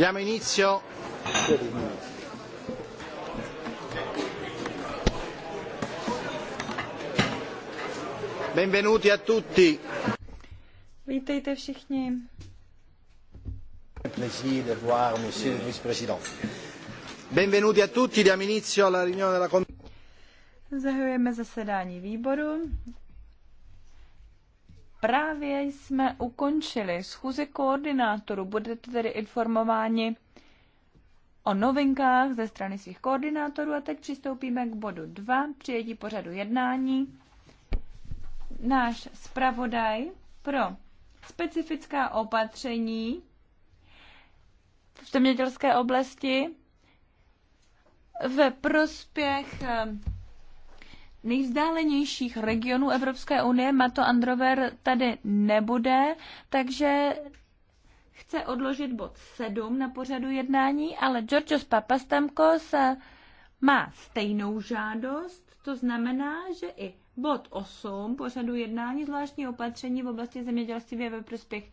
Diamo inizio. Benvenuti a tutti. Vítejte všichni. Benvenuti a tutti, diamo inizio alla riunione della Commissione. Zahajujeme zasedání výboru. Právě jsme ukončili schůzi koordinátorů. Budete tedy informováni o novinkách ze strany svých koordinátorů a teď přistoupíme k bodu 2, přijetí pořadu jednání. Náš zpravodaj pro specifická opatření v zemědělské oblasti ve prospěch eh, nejvzdálenějších regionů Evropské unie. Mato Androver tady nebude, takže chce odložit bod 7 na pořadu jednání, ale Georgios Papastamkos má stejnou žádost, to znamená, že i bod 8 pořadu jednání zvláštní opatření v oblasti zemědělství je ve prospěch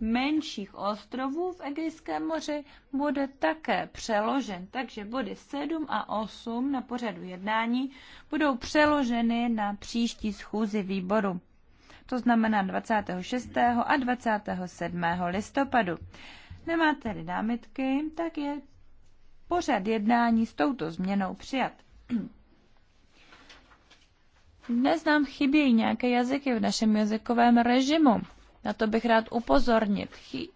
menších ostrovů v Egejském moři bude také přeložen. Takže body 7 a 8 na pořadu jednání budou přeloženy na příští schůzi výboru. To znamená 26. a 27. listopadu. Nemáte-li námitky, tak je pořad jednání s touto změnou přijat. Dnes nám chybějí nějaké jazyky v našem jazykovém režimu. Na to bych rád upozornit.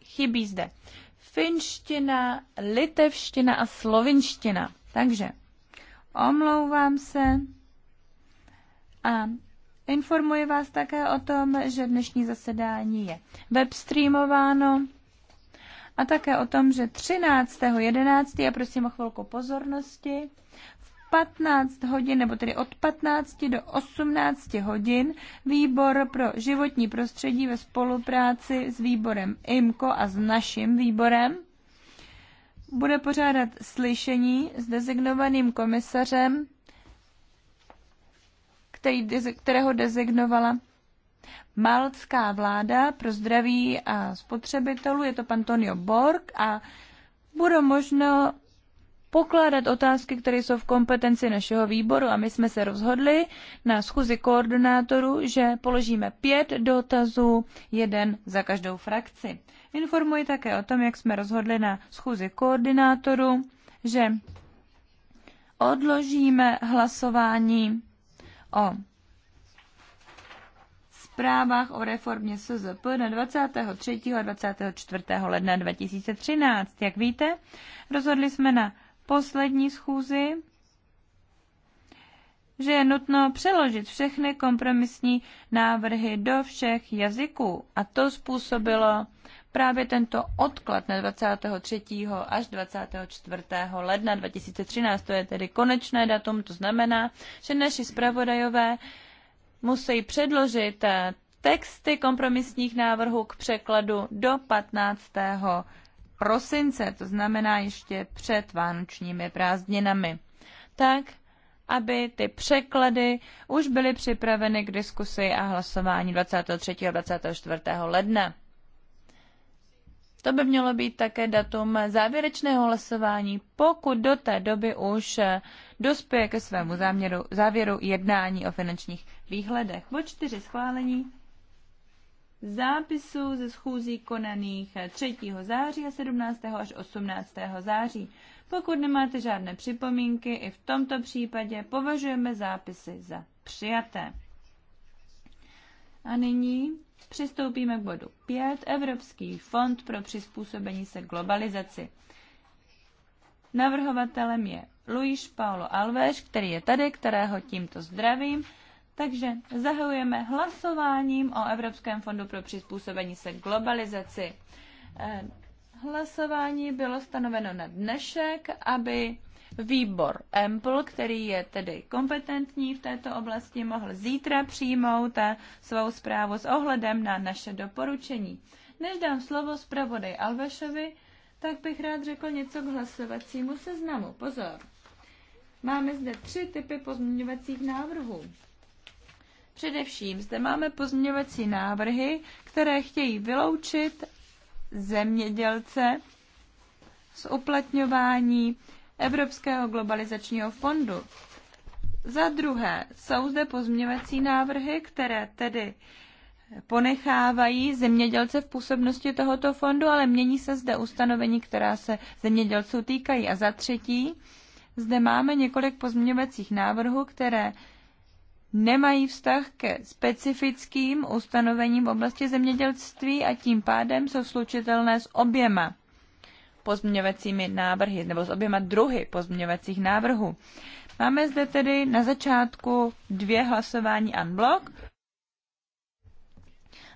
Chybí zde finština, litevština a slovinština. Takže omlouvám se a informuji vás také o tom, že dnešní zasedání je webstreamováno a také o tom, že 13.11. a prosím o chvilku pozornosti, 15 hodin, nebo tedy od 15 do 18 hodin, výbor pro životní prostředí ve spolupráci s výborem IMCO a s naším výborem bude pořádat slyšení s dezignovaným komisařem, který, kterého dezignovala maltská vláda pro zdraví a spotřebitelů, je to pan Tonio Borg a bude možno pokládat otázky, které jsou v kompetenci našeho výboru a my jsme se rozhodli na schůzi koordinátorů, že položíme pět dotazů, jeden za každou frakci. Informuji také o tom, jak jsme rozhodli na schůzi koordinátorů, že odložíme hlasování o zprávách o reformě SZP na 23. a 24. ledna 2013. Jak víte, rozhodli jsme na poslední schůzi, že je nutno přeložit všechny kompromisní návrhy do všech jazyků. A to způsobilo právě tento odklad na 23. až 24. ledna 2013. To je tedy konečné datum, to znamená, že naši zpravodajové musí předložit eh, texty kompromisních návrhů k překladu do 15 prosince, to znamená ještě před vánočními prázdninami, tak, aby ty překlady už byly připraveny k diskusi a hlasování 23. a 24. ledna. To by mělo být také datum závěrečného hlasování, pokud do té doby už dospěje ke svému záměru, závěru jednání o finančních výhledech. Bod 4 schválení Zápisu ze schůzí konaných 3. září a 17. až 18. září. Pokud nemáte žádné připomínky, i v tomto případě považujeme zápisy za přijaté. A nyní přistoupíme k bodu 5. Evropský fond pro přizpůsobení se globalizaci. Navrhovatelem je Luis Paulo Alves, který je tady, kterého tímto zdravím takže zahajujeme hlasováním o Evropském fondu pro přizpůsobení se globalizaci. Eh, hlasování bylo stanoveno na dnešek, aby výbor EMPL, který je tedy kompetentní v této oblasti, mohl zítra přijmout eh, svou zprávu s ohledem na naše doporučení. Než dám slovo zpravodaj Alvešovi, tak bych rád řekl něco k hlasovacímu seznamu. Pozor! Máme zde tři typy pozměňovacích návrhů. Především zde máme pozměňovací návrhy, které chtějí vyloučit zemědělce z uplatňování Evropského globalizačního fondu. Za druhé jsou zde pozměňovací návrhy, které tedy ponechávají zemědělce v působnosti tohoto fondu, ale mění se zde ustanovení, která se zemědělců týkají. A za třetí, zde máme několik pozměňovacích návrhů, které nemají vztah ke specifickým ustanovením v oblasti zemědělství a tím pádem jsou slučitelné s oběma pozměňovacími návrhy nebo s oběma druhy pozměňovacích návrhů. Máme zde tedy na začátku dvě hlasování unblock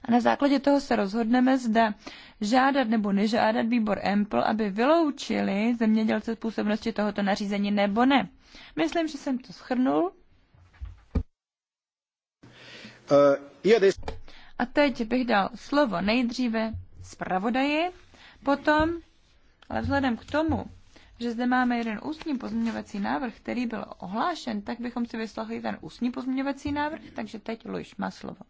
a na základě toho se rozhodneme, zda žádat nebo nežádat výbor EMPL, aby vyloučili zemědělce z působnosti tohoto nařízení nebo ne. Myslím, že jsem to schrnul. Eh, A teď bych dal slovo nejdříve zpravodaji, potom, ale vzhledem k tomu, že zde máme jeden ústní pozměňovací návrh, který byl ohlášen, tak bychom si vyslechli ten ústní pozměňovací návrh, takže teď Luis má slovo.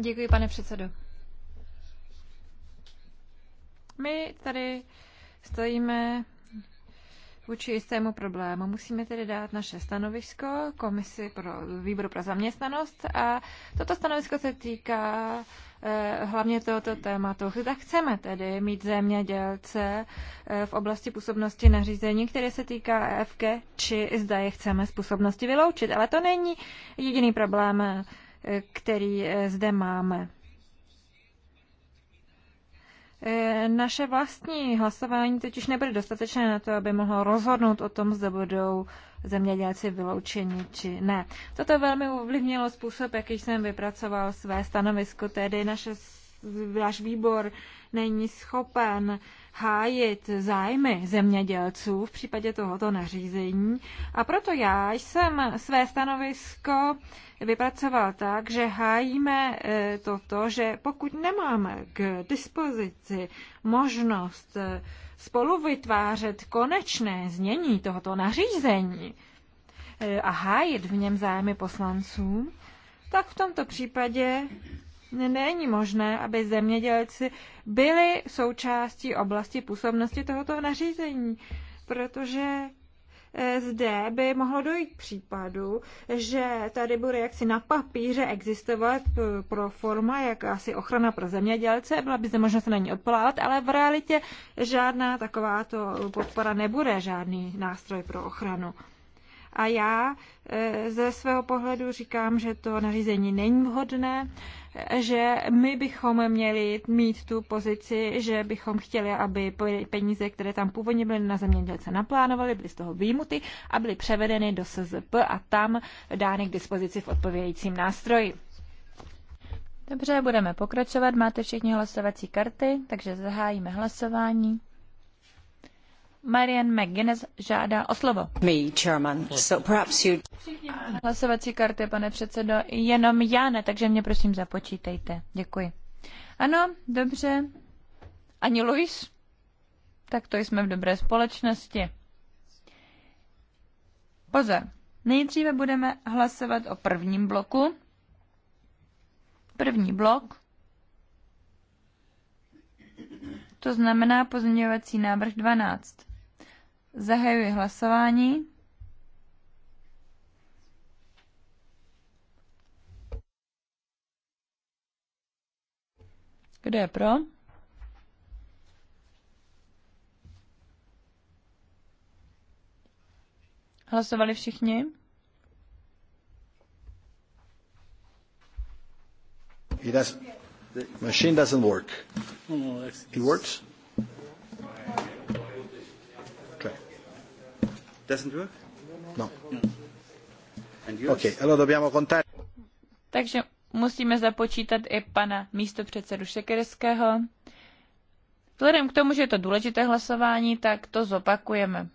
Děkuji, pane předsedo. My tady stojíme vůči jistému problému. Musíme tedy dát naše stanovisko komisi pro výboru pro zaměstnanost a toto stanovisko se týká eh, hlavně tohoto tématu. Zda chceme tedy mít zemědělce eh, v oblasti působnosti nařízení, které se týká EFK, či zda je chceme z působnosti vyloučit. Ale to není jediný problém, eh, který eh, zde máme. E, naše vlastní hlasování totiž nebude dostatečné na to, aby mohlo rozhodnout o tom, zda budou zemědělci vyloučeni či ne. Toto velmi ovlivnilo způsob, jaký jsem vypracoval své stanovisko, tedy naše, váš výbor není schopen hájit zájmy zemědělců v případě tohoto nařízení. A proto já jsem své stanovisko vypracoval tak, že hájíme eh, toto, že pokud nemáme k dispozici možnost eh, spolu vytvářet konečné znění tohoto nařízení eh, a hájit v něm zájmy poslanců, tak v tomto případě není možné, aby zemědělci byli součástí oblasti působnosti tohoto nařízení, protože eh, zde by mohlo dojít k případu, že tady bude jaksi na papíře existovat eh, pro forma, jak asi ochrana pro zemědělce, byla by zde možnost na ní odpolávat, ale v realitě žádná takováto podpora nebude, žádný nástroj pro ochranu. A já eh, ze svého pohledu říkám, že to nařízení není vhodné, že my bychom měli mít tu pozici, že bychom chtěli, aby peníze, které tam původně byly na zemědělce naplánovaly, byly z toho výjimuty a byly převedeny do SZP a tam dány k dispozici v odpovědějícím nástroji. Dobře, budeme pokračovat. Máte všichni hlasovací karty, takže zahájíme hlasování. Marian McGuinness žádá o slovo. Me, chairman. So perhaps you... Hlasovací karty, pane předsedo, jenom já ne, takže mě prosím započítejte. Děkuji. Ano, dobře. Ani Luis? Tak to jsme v dobré společnosti. Pozor. Nejdříve budeme hlasovat o prvním bloku. První blok. To znamená pozměňovací návrh 12. Zahajuji hlasování. Kdo je pro? Hlasovali všichni? It does, the machine doesn't work. No, no, no, It works? Doesn't work? No. Okay. Allora dobbiamo contare. Takže musíme započítat i pana místopředsedu Šekerského. Vzhledem k tomu, že je to důležité hlasování, tak to zopakujeme.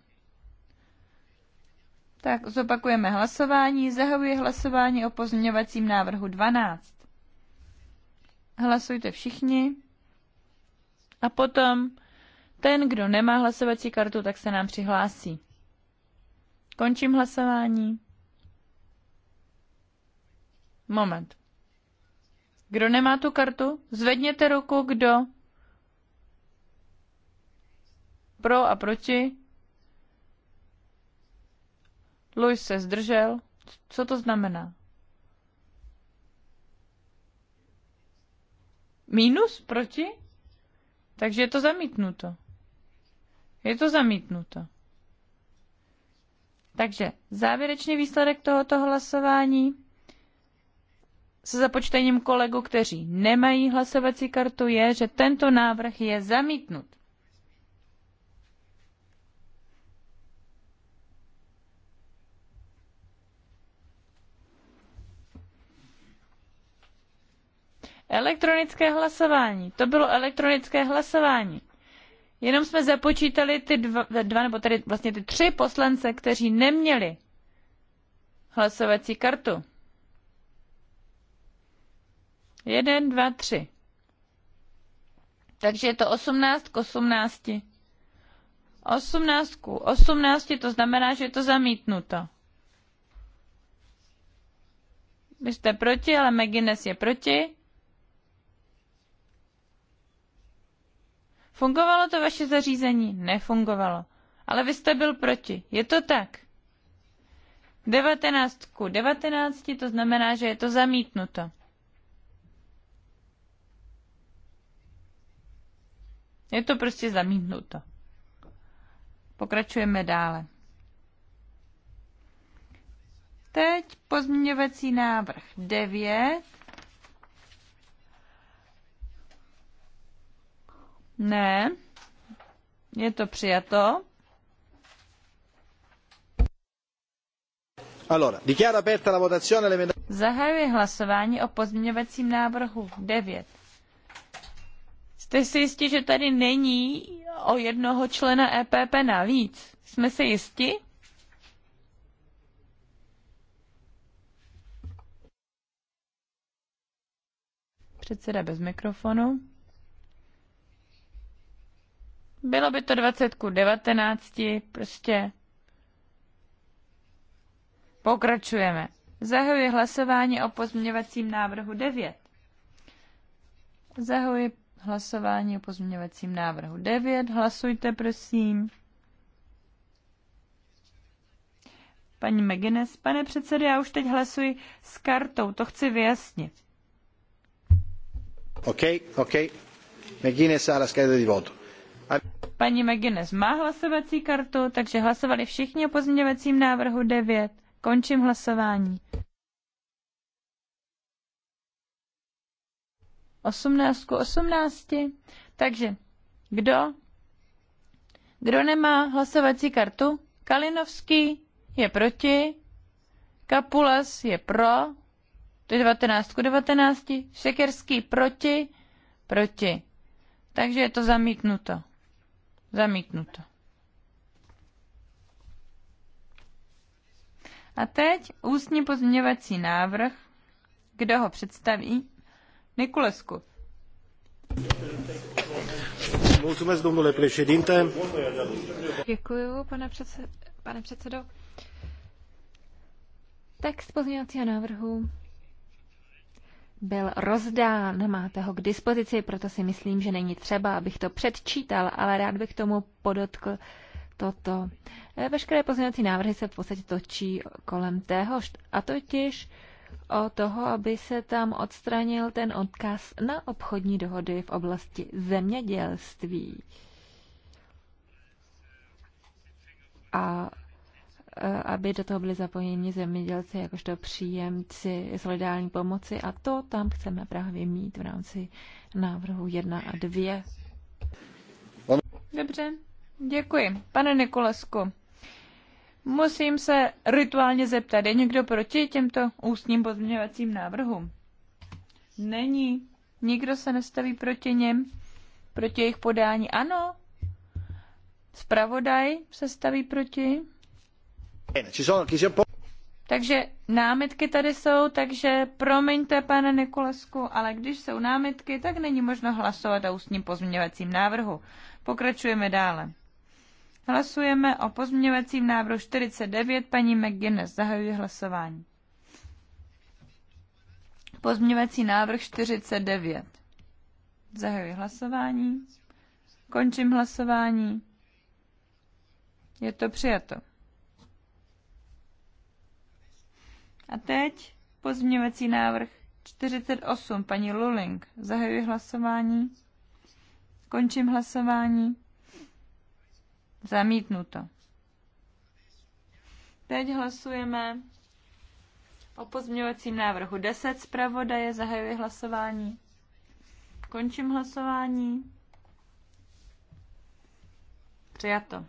Tak zopakujeme hlasování. Zahajuji hlasování o pozměňovacím návrhu 12. Hlasujte všichni. A potom ten, kdo nemá hlasovací kartu, tak se nám přihlásí. Končím hlasování. Moment. Kdo nemá tu kartu, zvedněte ruku, kdo pro a proti. Louis se zdržel. Co to znamená? Minus proti? Takže je to zamítnuto. Je to zamítnuto. Takže závěrečný výsledek tohoto hlasování se započtením kolegů, kteří nemají hlasovací kartu, je, že tento návrh je zamítnut. Elektronické hlasování. To bylo elektronické hlasování. Jenom jsme započítali ty dva, dva nebo tedy vlastně ty tři poslance, kteří neměli hlasovací kartu. Jeden, dva, tři. Takže je to 18 k 18. 18 k 18 to znamená, že je to zamítnuto. Vy jste proti, ale McGuinness je proti. Fungovalo to vaše zařízení? Nefungovalo. Ale vy jste byl proti. Je to tak? 19 ku 19, to znamená, že je to zamítnuto. Je to prostě zamítnuto. Pokračujeme dále. Teď pozměňovací návrh 9 Ne. Je to přijato. Allora, dichiaro aperta la votazione Zahajuji hlasování o pozměňovacím návrhu 9. Jste si jistí, že tady není o jednoho člena EPP navíc? Jsme si jistí? Předseda bez mikrofonu. Bylo by to 20 ku 19, prostě pokračujeme. Zahajuji hlasování o pozměňovacím návrhu 9. Zahajuji hlasování o pozměňovacím návrhu 9. Hlasujte, prosím. Paní Megines, pane předsedo, já už teď hlasuji s kartou, to chci vyjasnit. OK, OK. Megines ha la scheda di voto. Paní McGuinness má hlasovací kartu, takže hlasovali všichni o pozměňovacím návrhu 9. Končím hlasování. 18 k 18. Takže kdo? Kdo nemá hlasovací kartu? Kalinovský je proti, Kapulas je pro, to je 19 k 19, Šekerský proti, proti. Takže je to zamítnuto. Zamítnuto. A teď ústní pozměňovací návrh. Kdo ho představí? Nikulesku. Děkuji, pane, předse- pane předsedo. Text pozměňovacího návrhu byl rozdán, máte ho k dispozici, proto si myslím, že není třeba, abych to předčítal, ale rád bych tomu podotkl toto. E, veškeré pozměňovací návrhy se v podstatě točí kolem téhož, a totiž o toho, aby se tam odstranil ten odkaz na obchodní dohody v oblasti zemědělství. A Eh, aby do toho byli zapojeni zemědělci jakožto příjemci solidární pomoci a to tam chceme právě mít v rámci návrhu 1 a 2. Dobře, děkuji. Pane Nikolesku, musím se rituálně zeptat, je někdo proti těmto ústním pozměňovacím návrhům? Není. Nikdo se nestaví proti něm, proti jejich podání. Ano, Spravodaj se staví proti. Takže námitky tady jsou, takže promiňte, pane Nikolesku, ale když jsou námitky, tak není možno hlasovat o ústním pozměňovacím návrhu. Pokračujeme dále. Hlasujeme o pozměňovacím návrhu 49. Paní McGuinness zahajuje hlasování. Pozměňovací návrh 49. Zahajuji hlasování. Končím hlasování. Je to přijato. A teď pozměňovací návrh 48, paní Luling. Zahajuji hlasování. Končím hlasování. Zamítnuto. Teď hlasujeme o pozměňovacím návrhu 10 zpravodaje. Zahajuji hlasování. Končím hlasování. Přijato.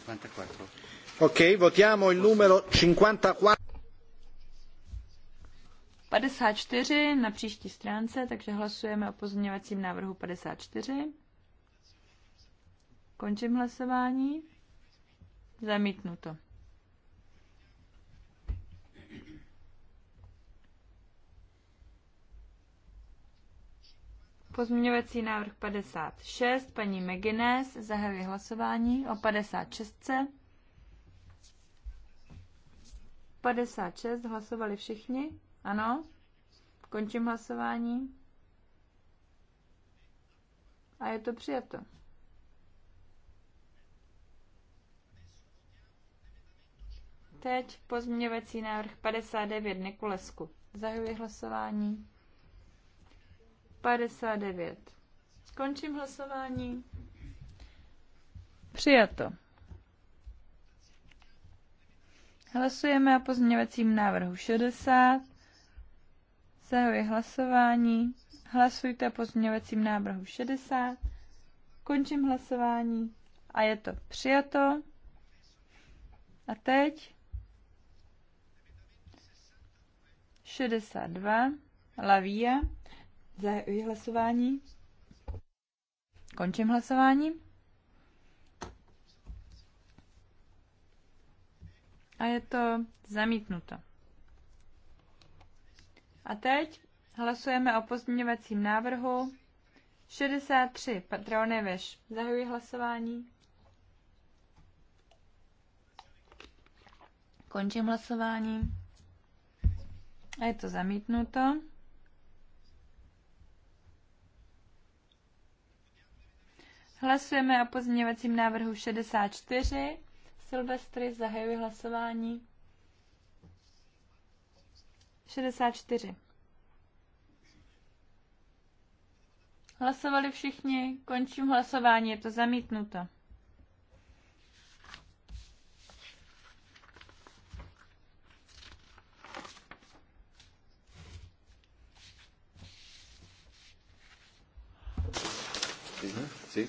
54. Ok, votiamo il numero 54. 54 na příští stránce, takže hlasujeme o pozměňovacím návrhu 54. Končím hlasování. Zamítnuto. Pozměňovací návrh 56, paní Megines, zahajuje hlasování o 56. 56, hlasovali všichni? Ano. Končím hlasování. A je to přijato. Teď pozměňovací návrh 59 Nikulesku. Zahajuji hlasování. 59. Skončím hlasování. Přijato. Hlasujeme o pozměňovacím návrhu 60. Zahajuji hlasování. Hlasujte o pozměňovacím návrhu 60. Končím hlasování a je to přijato. A teď 62. Lavia. Zahajuji hlasování. Končím hlasování. A je to zamítnuto. A teď hlasujeme o pozměňovacím návrhu 63. Patrony Veš. Zahajuji hlasování. Končím hlasování. A je to zamítnuto. Hlasujeme o pozměňovacím návrhu 64. Silvestry, zahajuji hlasování. 64. Hlasovali všichni, končím hlasování, je to zamítnuto. See?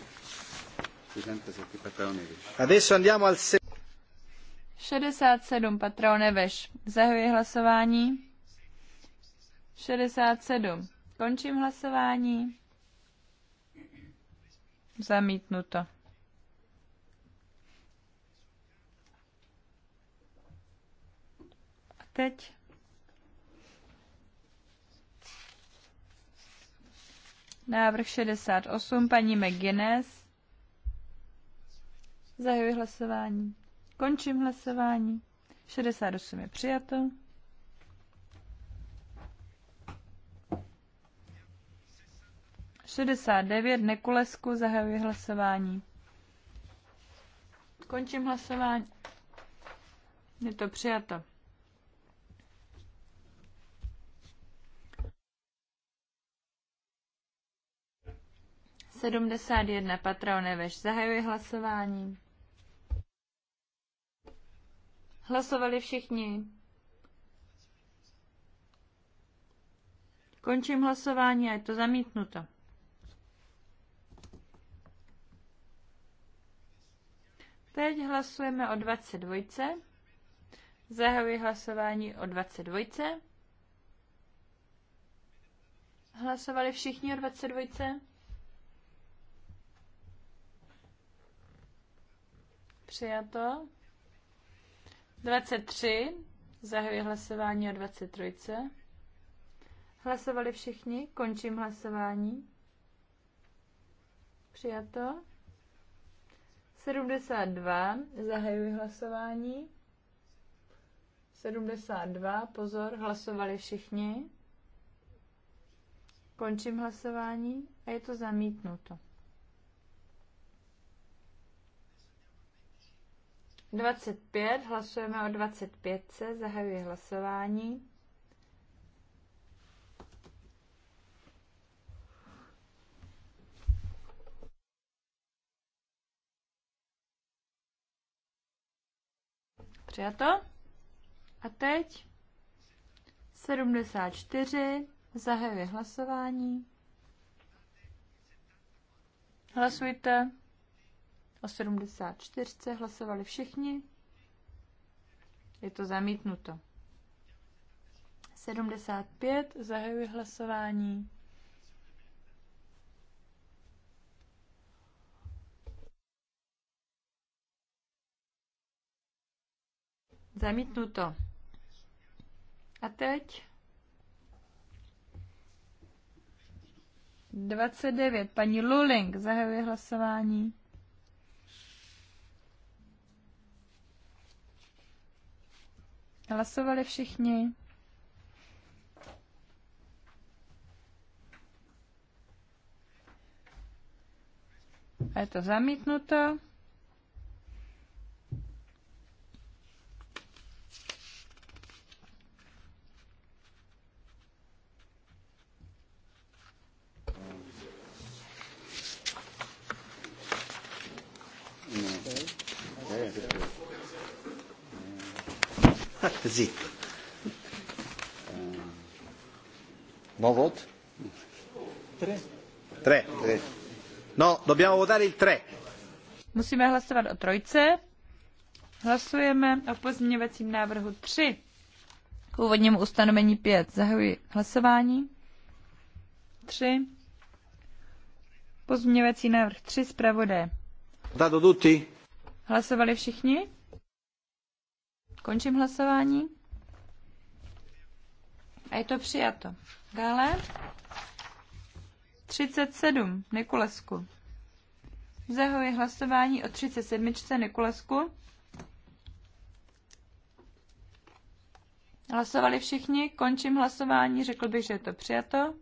Adesso andiamo al 67 Patroneves. Zahajuji hlasování. 67. Končím hlasování. Zamítnuto. A teď Návrh 68, paní McGuinness. Zahajuji hlasování. Končím hlasování. 68 je přijato. Šedesát devět Nekulesku zahajuji hlasování. Končím hlasování. Je to přijato. Sedmdesát jedna veš, zahajuji hlasování. Hlasovali všichni. Končím hlasování a je to zamítnuto. Teď hlasujeme o 22. Zahajuji hlasování o 22. Hlasovali všichni o 22. Přijato. 23. Zahajuji hlasování o 23. Hlasovali všichni? Končím hlasování. Přijato. 72. Zahajuji hlasování. 72. Pozor, hlasovali všichni. Končím hlasování a je to zamítnuto. 25, hlasujeme o 25, zahajuji hlasování. Přijato. A teď 74, zahajuji hlasování. Hlasujte. O 74 hlasovali všichni. Je to zamítnuto. 75 zahajuji hlasování. Zamítnuto. A teď 29. Paní Luling zahajuje hlasování. Hlasovali všichni? A je to zamítnuto. Dobbiamo votare il 3. Musíme hlasovat o trojce. Hlasujeme o pozměňovacím návrhu tři K úvodnímu ustanovení pět Zahajuji hlasování. tři Pozměňovací návrh tři zpravodaje. Dato tutti. Hlasovali všichni? Končím hlasování. A je to přijato. Dále. 37. Nikulesku. Zahajuji hlasování o 37. Nikolesku. Hlasovali všichni, končím hlasování, řekl bych, že je to přijato.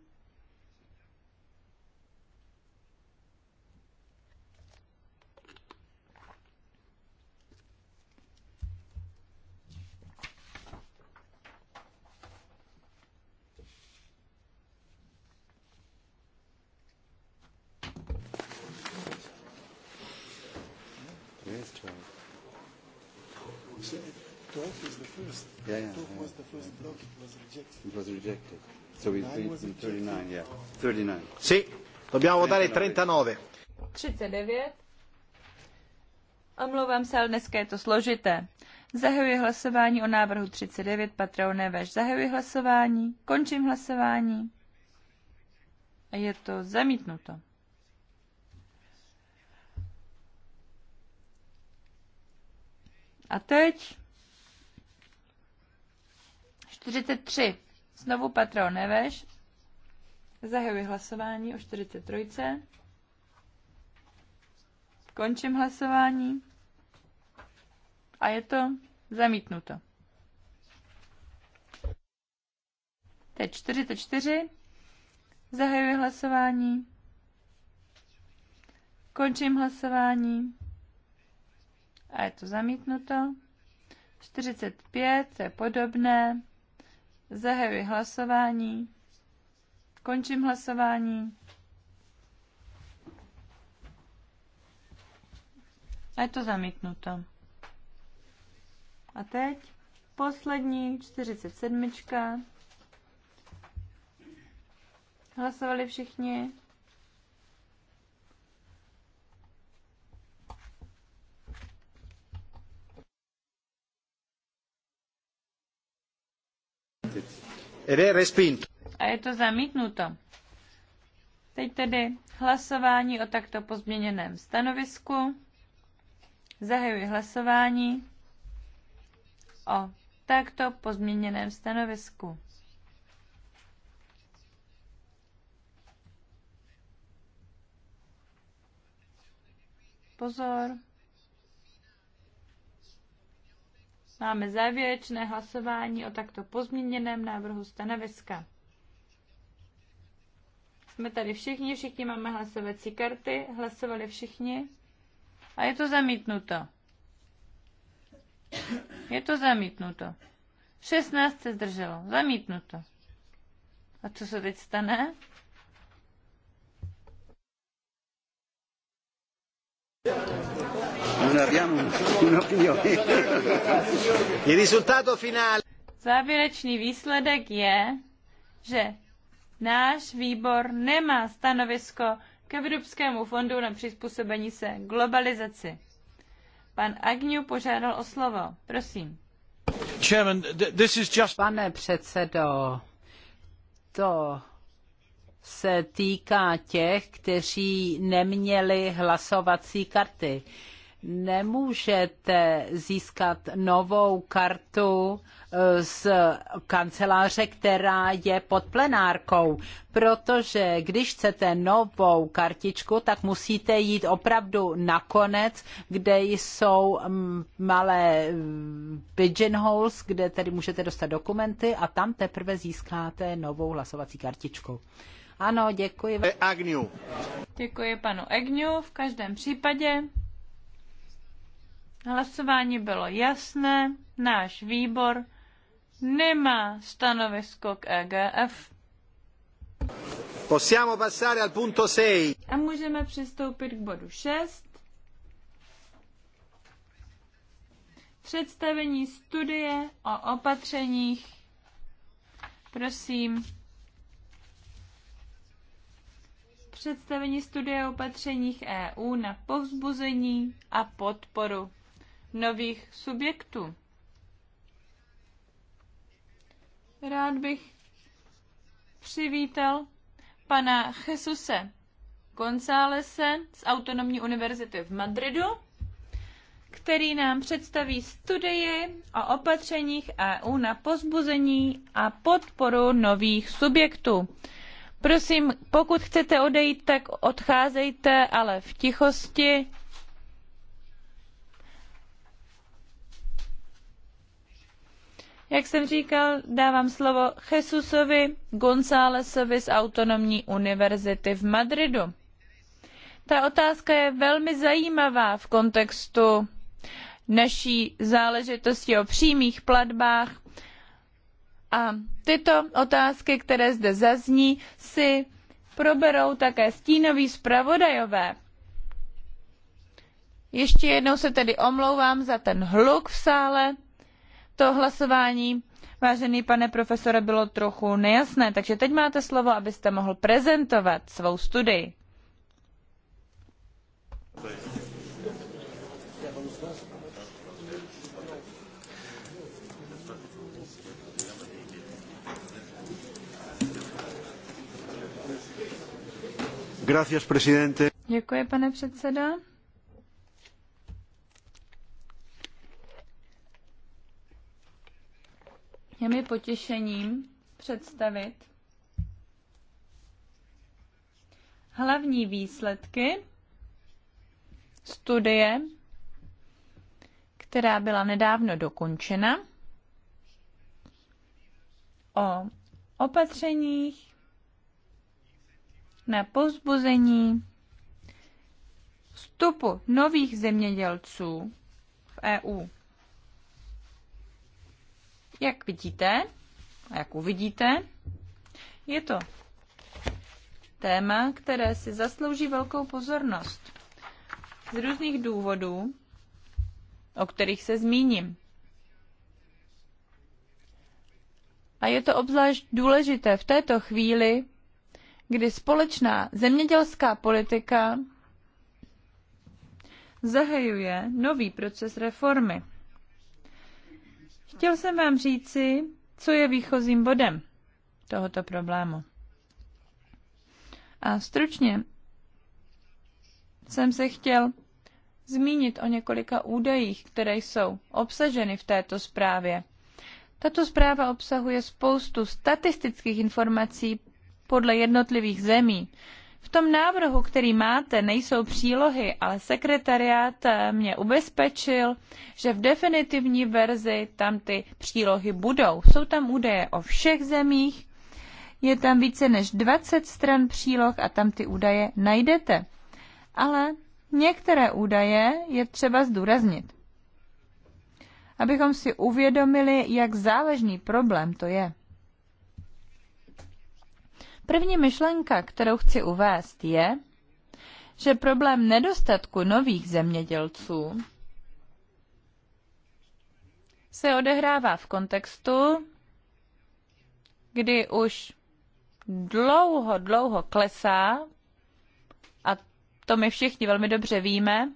was blocked, it was rejected. It was rejected. So it, 39, yeah. 39. Sì, dobbiamo votare 39. 39. Omlouvám se, ale dneska je to složité. Zahajuji hlasování o návrhu 39 Patrao Neveš. Zahajuji hlasování, končím hlasování a je to zamítnuto. A teď 43. Znovu Petro, Neveš. Zahajuji hlasování o 43. Končím hlasování. A je to zamítnuto. Teď 44. Zahajuji hlasování. Končím hlasování. A je to zamítnuto. 45, to je podobné. Zahajuji hlasování. Končím hlasování. A je to zamítnuto. A teď poslední 47. Hlasovali všichni. A je to zamítnuto. Teď tedy hlasování o takto pozměněném stanovisku. Zahajuji hlasování o takto pozměněném stanovisku. Pozor, Máme závěrečné hlasování o takto pozměněném návrhu stanoviska. Jsme tady všichni, všichni máme hlasovací karty, hlasovali všichni a je to zamítnuto. Je to zamítnuto. 16 se zdrželo. Zamítnuto. A co se teď stane? non abbiamo un'opinione. Il risultato finale. Závěrečný výsledek je, že náš výbor nemá stanovisko k Evropskému fondu na přizpůsobení se globalizaci. Pan Agnew požádal o slovo. Prosím. Chairman, this is just... Pane předsedo, to se týká těch, kteří neměli hlasovací karty nemůžete získat novou kartu eh, z kanceláře, která je pod plenárkou, protože když chcete novou kartičku, tak musíte jít opravdu na konec, kde jsou mm, malé mm, pigeonholes, kde tedy můžete dostat dokumenty a tam teprve získáte novou hlasovací kartičku. Ano, děkuji. Děkuji panu Agnew. V každém případě Hlasování bylo jasné, náš výbor nemá stanovisko k EGF. Possiamo passare al punto 6. A můžeme přistoupit k bodu 6. Představení studie o opatřeních. Prosím. Představení studie o opatřeních EU na povzbuzení a podporu nových subjektů. Rád bych přivítal pana Jesuse Gonzálese z Autonomní univerzity v Madridu, který nám představí studie o opatřeních EU na pozbuzení a podporu nových subjektů. Prosím, pokud chcete odejít, tak odcházejte, ale v tichosti, Jak jsem říkal, dávám slovo Jesusovi Gonzálesovi z Autonomní univerzity v Madridu. Ta otázka je velmi zajímavá v kontextu naší záležitosti o přímých platbách. A tyto otázky, které zde zazní, si proberou také stínoví zpravodajové. Ještě jednou se tedy omlouvám za ten hluk v sále to hlasování, vážený pane profesore, bylo trochu nejasné, takže teď máte slovo, abyste mohl prezentovat svou studii. Gracias, presidente. Děkuji, pane předsedo. Je mi potěšením představit hlavní výsledky studie, která byla nedávno dokončena o opatřeních na pozbuzení vstupu nových zemědělců v EU. Jak vidíte, a jak uvidíte, je to téma, které si zaslouží velkou pozornost. Z různých důvodů, o kterých se zmíním. A je to obzvlášť důležité v této chvíli, kdy společná zemědělská politika zahajuje nový proces reformy. Chtěl jsem vám říci, co je výchozím bodem tohoto problému. A stručně jsem se chtěl zmínit o několika údajích, které jsou obsaženy v této zprávě. Tato zpráva obsahuje spoustu statistických informací podle jednotlivých zemí. V tom návrhu, který máte, nejsou přílohy, ale sekretariát eh, mě ubezpečil, že v definitivní verzi tam ty přílohy budou. Jsou tam údaje o všech zemích, je tam více než 20 stran příloh a tam ty údaje najdete. Ale některé údaje je třeba zdůraznit, abychom si uvědomili, jak závažný problém to je. První myšlenka, kterou chci uvést, je, že problém nedostatku nových zemědělců se odehrává v kontextu, kdy už dlouho, dlouho klesá, a to my všichni velmi dobře víme,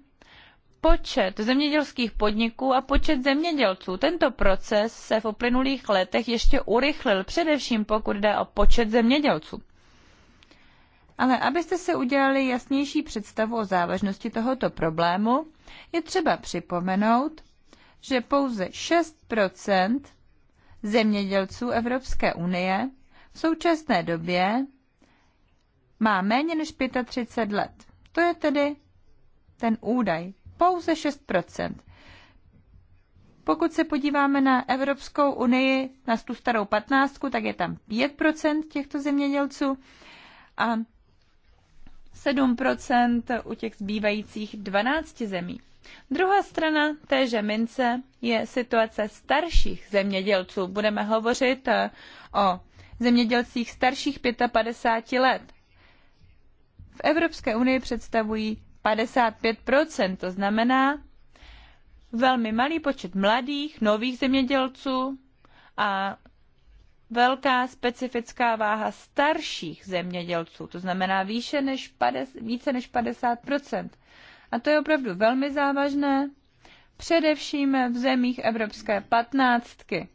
počet zemědělských podniků a počet zemědělců. Tento proces se v uplynulých letech ještě urychlil, především pokud jde o počet zemědělců. Ale abyste si udělali jasnější představu o závažnosti tohoto problému, je třeba připomenout, že pouze 6 zemědělců Evropské unie v současné době má méně než 35 let. To je tedy ten údaj, pouze 6 Pokud se podíváme na Evropskou unii, na tu starou patnáctku, tak je tam 5 těchto zemědělců a 7 u těch zbývajících 12 zemí. Druhá strana téže mince je situace starších zemědělců. Budeme hovořit eh, o zemědělcích starších 55 let. V Evropské unii představují 55%. To znamená velmi malý počet mladých, nových zemědělců a velká specifická váha starších zemědělců, to znamená výše než 50, více než 50 A to je opravdu velmi závažné, především v zemích Evropské patnáctky.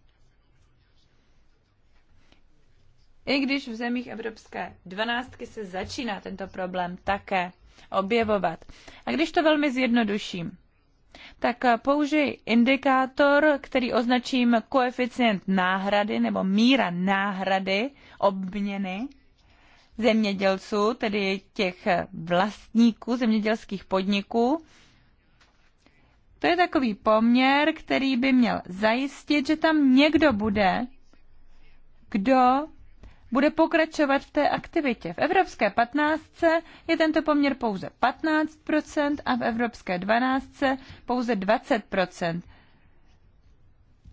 I když v zemích Evropské dvanáctky se začíná tento problém také objevovat. A když to velmi zjednoduším, tak eh, použij indikátor, který označím koeficient náhrady nebo míra náhrady obměny zemědělců, tedy těch vlastníků zemědělských podniků. To je takový poměr, který by měl zajistit, že tam někdo bude, kdo bude pokračovat v té aktivitě. V evropské 15 je tento poměr pouze 15 a v evropské 12 pouze 20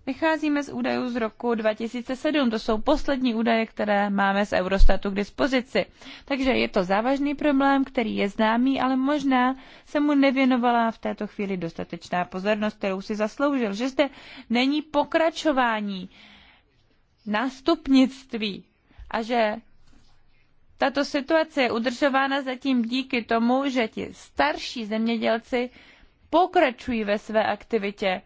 Vycházíme z údajů z roku 2007, to jsou poslední údaje, které máme z Eurostatu k dispozici. Takže je to závažný problém, který je známý, ale možná se mu nevěnovala v této chvíli dostatečná pozornost, kterou si zasloužil, že zde není pokračování nástupnictví a že tato situace je udržována zatím díky tomu, že ti starší zemědělci pokračují ve své aktivitě.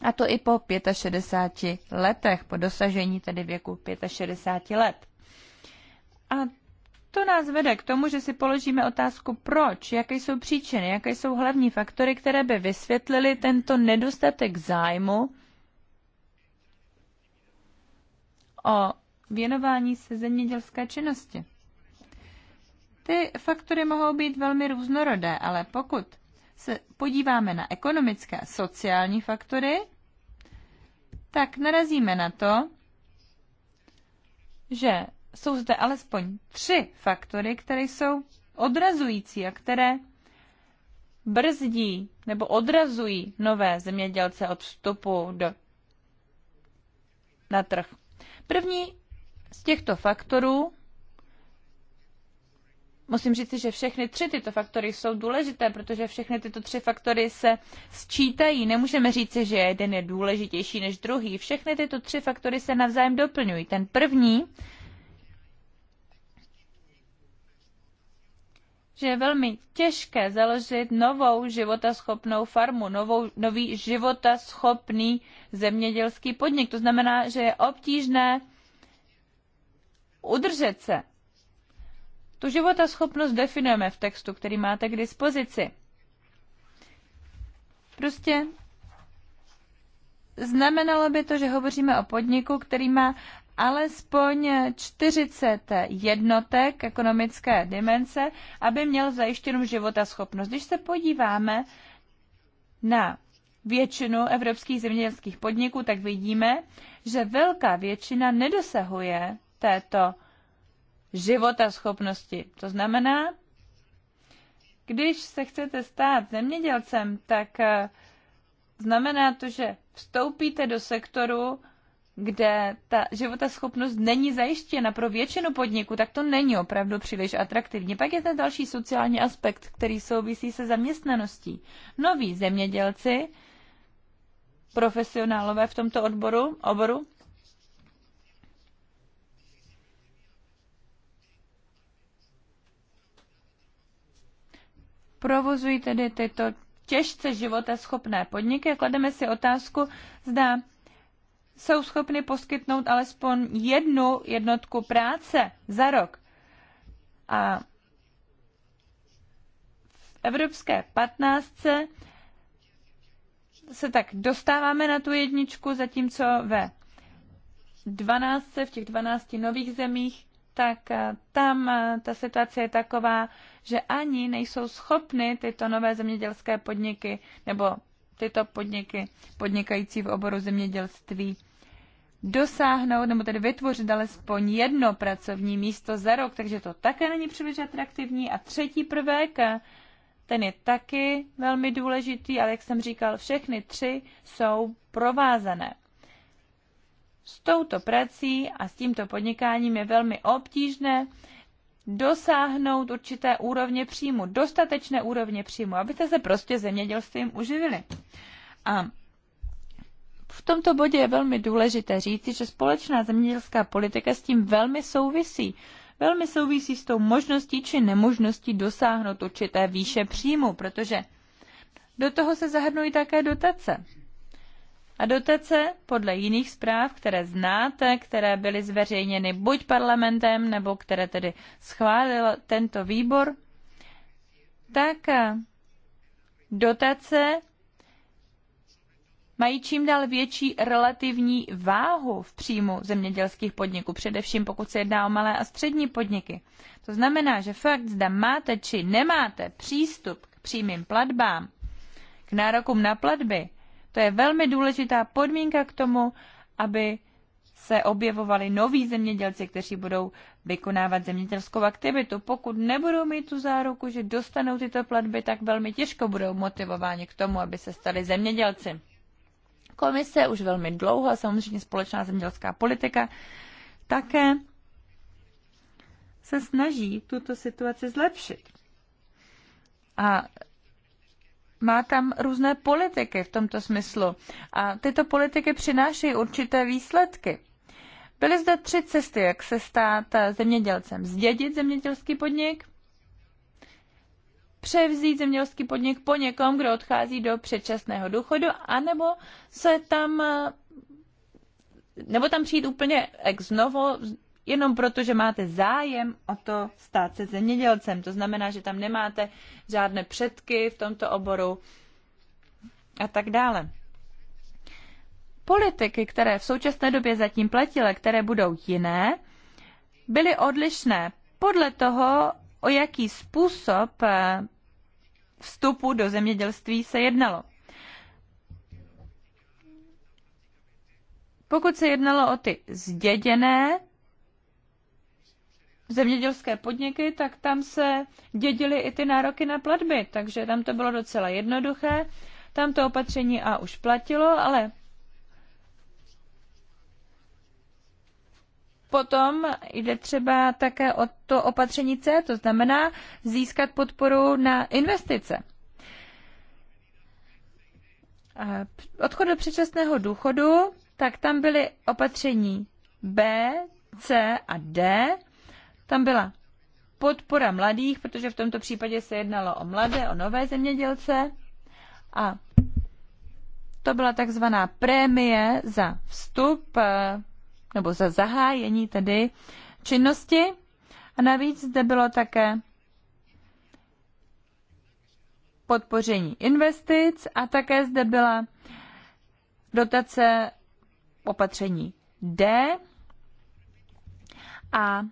A to i po 65 letech, po dosažení tedy věku 65 let. A to nás vede k tomu, že si položíme otázku, proč, jaké jsou příčiny, jaké jsou hlavní faktory, které by vysvětlily tento nedostatek zájmu o věnování se zemědělské činnosti. Ty faktory mohou být velmi různorodé, ale pokud se podíváme na ekonomické a sociální faktory, tak narazíme na to, že jsou zde alespoň tři faktory, které jsou odrazující a které brzdí nebo odrazují nové zemědělce od vstupu do, na trh. První z těchto faktorů, musím říct, že všechny tři tyto faktory jsou důležité, protože všechny tyto tři faktory se sčítají. Nemůžeme říci, že jeden je důležitější než druhý. Všechny tyto tři faktory se navzájem doplňují. Ten první že je velmi těžké založit novou životaschopnou farmu, novou, nový životaschopný zemědělský podnik. To znamená, že je obtížné udržet se. Tu životaschopnost definujeme v textu, který máte k dispozici. Prostě znamenalo by to, že hovoříme o podniku, který má alespoň 40 jednotek ekonomické dimenze, aby měl zajištěnou schopnost. Když se podíváme na většinu evropských zemědělských podniků, tak vidíme, že velká většina nedosahuje této schopnosti. To znamená, když se chcete stát zemědělcem, tak eh, znamená to, že vstoupíte do sektoru, kde ta životaschopnost není zajištěna pro většinu podniků, tak to není opravdu příliš atraktivní. Pak je ten další sociální aspekt, který souvisí se zaměstnaností. Noví zemědělci, profesionálové v tomto odboru, oboru, provozují tedy tyto těžce životaschopné podniky klademe si otázku, zda jsou schopny poskytnout alespoň jednu jednotku práce za rok. A v evropské patnáctce se tak dostáváme na tu jedničku, zatímco ve 12, v těch 12 nových zemích, tak eh, tam eh, ta situace je taková, že ani nejsou schopny tyto nové zemědělské podniky nebo tyto podniky podnikající v oboru zemědělství dosáhnout nebo tedy vytvořit alespoň jedno pracovní místo za rok, takže to také není příliš atraktivní. A třetí prvek, ten je taky velmi důležitý, ale jak jsem říkal, všechny tři jsou provázané. S touto prací a s tímto podnikáním je velmi obtížné dosáhnout určité úrovně příjmu, dostatečné úrovně příjmu, abyste se prostě zemědělstvím uživili. A v tomto bodě je velmi důležité říci, že společná zemědělská politika s tím velmi souvisí. Velmi souvisí s tou možností či nemožností dosáhnout určité výše příjmu, protože do toho se zahrnují také dotace. A dotace, podle jiných zpráv, které znáte, které byly zveřejněny buď parlamentem, nebo které tedy schválil tento výbor, tak dotace mají čím dál větší relativní váhu v příjmu zemědělských podniků, především pokud se jedná o malé a střední podniky. To znamená, že fakt, zda máte či nemáte přístup k přímým platbám, k nárokům na platby, to je velmi důležitá podmínka k tomu, aby se objevovali noví zemědělci, kteří budou vykonávat zemědělskou aktivitu. Pokud nebudou mít tu záruku, že dostanou tyto platby, tak velmi těžko budou motivováni k tomu, aby se stali zemědělci. Komise už velmi dlouho a samozřejmě společná zemědělská politika také se snaží tuto situaci zlepšit. A má tam různé politiky v tomto smyslu. A tyto politiky přinášejí určité výsledky. Byly zde tři cesty, jak se stát zemědělcem. Zdědit zemědělský podnik, převzít zemědělský podnik po někom, kdo odchází do předčasného důchodu, anebo se tam eh, nebo tam přijít úplně ex novo, jenom proto, že máte zájem o to stát se zemědělcem. To znamená, že tam nemáte žádné předky v tomto oboru a tak dále. Politiky, které v současné době zatím platily, které budou jiné, byly odlišné podle toho, o jaký způsob eh, vstupu do zemědělství se jednalo. Pokud se jednalo o ty zděděné zemědělské podniky, tak tam se dědily i ty nároky na platby, takže tam to bylo docela jednoduché. Tam to opatření A už platilo, ale Potom jde třeba také o to opatření C, to znamená získat podporu na investice. Odchod do předčasného důchodu, tak tam byly opatření B, C a D. Tam byla podpora mladých, protože v tomto případě se jednalo o mladé, o nové zemědělce. A to byla takzvaná prémie za vstup eh, nebo za zahájení tedy činnosti. A navíc zde bylo také podpoření investic a také zde byla dotace opatření D a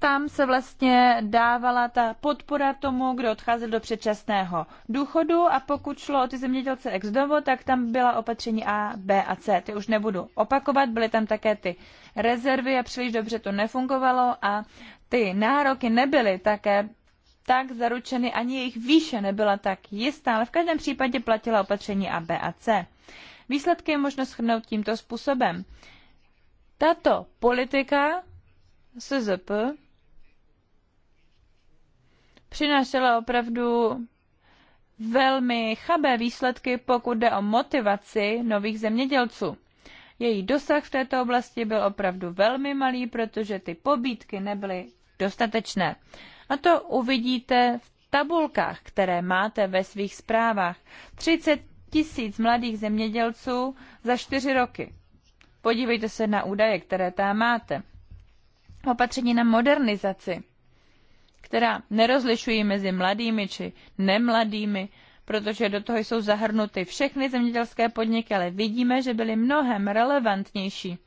tam se vlastně dávala ta podpora tomu, kdo odcházel do předčasného důchodu a pokud šlo o ty zemědělce ex dovo, tak tam byla opatření A, B a C. Ty už nebudu opakovat, byly tam také ty rezervy a příliš dobře to nefungovalo a ty nároky nebyly také tak zaručeny, ani jejich výše nebyla tak jistá, ale v každém případě platila opatření A, B a C. Výsledky je možno shrnout tímto způsobem. Tato politika SZP přinášela opravdu velmi chabé výsledky, pokud jde o motivaci nových zemědělců. Její dosah v této oblasti byl opravdu velmi malý, protože ty pobídky nebyly dostatečné. A to uvidíte v tabulkách, které máte ve svých zprávách. 30 tisíc mladých zemědělců za čtyři roky. Podívejte se na údaje, které tam máte. Opatření na modernizaci která nerozlišují mezi mladými či nemladými, protože do toho jsou zahrnuty všechny zemědělské podniky, ale vidíme, že byly mnohem relevantnější.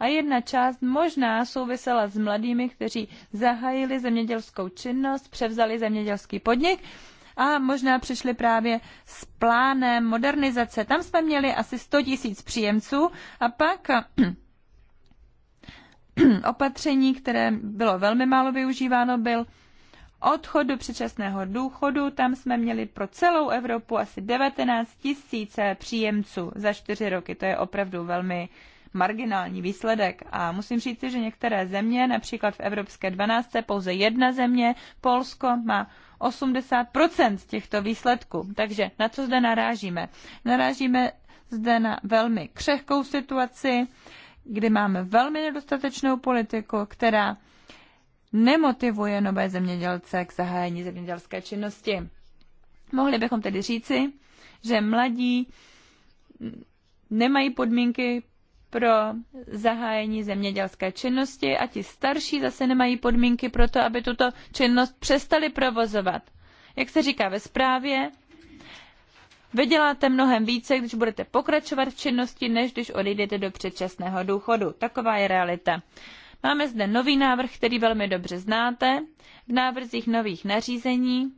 A jedna část možná souvisela s mladými, kteří zahájili zemědělskou činnost, převzali zemědělský podnik a možná přišli právě s plánem modernizace. Tam jsme měli asi 100 tisíc příjemců a pak opatření, které bylo velmi málo využíváno, byl odchod do předčasného důchodu. Tam jsme měli pro celou Evropu asi 19 tisíce příjemců za čtyři roky. To je opravdu velmi marginální výsledek. A musím říct, že některé země, například v Evropské 12, pouze jedna země, Polsko, má 80 těchto výsledků. Takže na co zde narážíme? Narážíme zde na velmi křehkou situaci, kdy máme velmi nedostatečnou politiku, která nemotivuje nové zemědělce k zahájení zemědělské činnosti. Mohli bychom tedy říci, že mladí nemají podmínky pro zahájení zemědělské činnosti a ti starší zase nemají podmínky pro to, aby tuto činnost přestali provozovat. Jak se říká ve zprávě, vyděláte mnohem více, když budete pokračovat v činnosti, než když odejdete do předčasného důchodu. Taková je realita. Máme zde nový návrh, který velmi dobře znáte, v návrzích nových nařízení,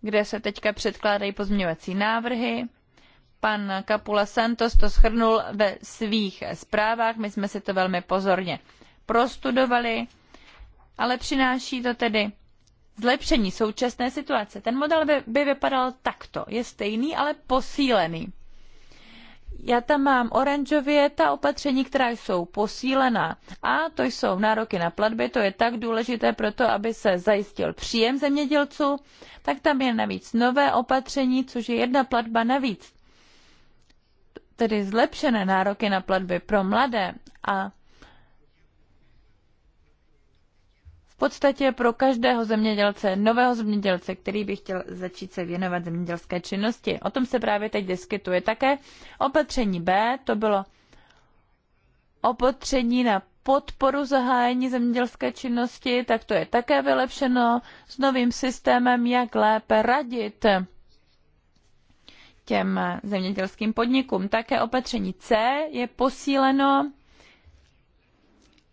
kde se teďka předkládají pozměňovací návrhy. Pan Kapula Santos to schrnul ve svých zprávách, my jsme si to velmi pozorně prostudovali, ale přináší to tedy zlepšení současné situace. Ten model by, by vypadal takto. Je stejný, ale posílený já tam mám oranžově ta opatření, která jsou posílená. A to jsou nároky na platby, to je tak důležité pro to, aby se zajistil příjem zemědělců, tak tam je navíc nové opatření, což je jedna platba navíc. Tedy zlepšené nároky na platby pro mladé a podstatě pro každého zemědělce, nového zemědělce, který by chtěl začít se věnovat zemědělské činnosti. O tom se právě teď diskutuje také. Opatření B, to bylo opatření na podporu zahájení zemědělské činnosti, tak to je také vylepšeno s novým systémem, jak lépe radit těm zemědělským podnikům. Také opatření C je posíleno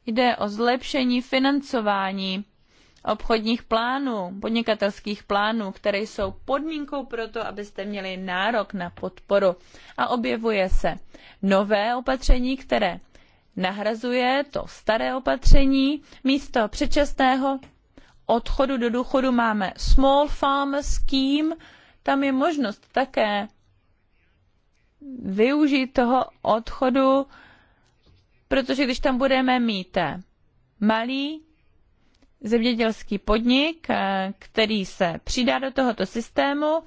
Jde o zlepšení financování obchodních plánů, podnikatelských plánů, které jsou podmínkou pro to, abyste měli nárok na podporu. A objevuje se nové opatření, které nahrazuje to staré opatření. Místo předčasného odchodu do důchodu máme Small Farm Scheme, tam je možnost také využít toho odchodu protože když tam budeme mít eh, malý zemědělský podnik, eh, který se přidá do tohoto systému,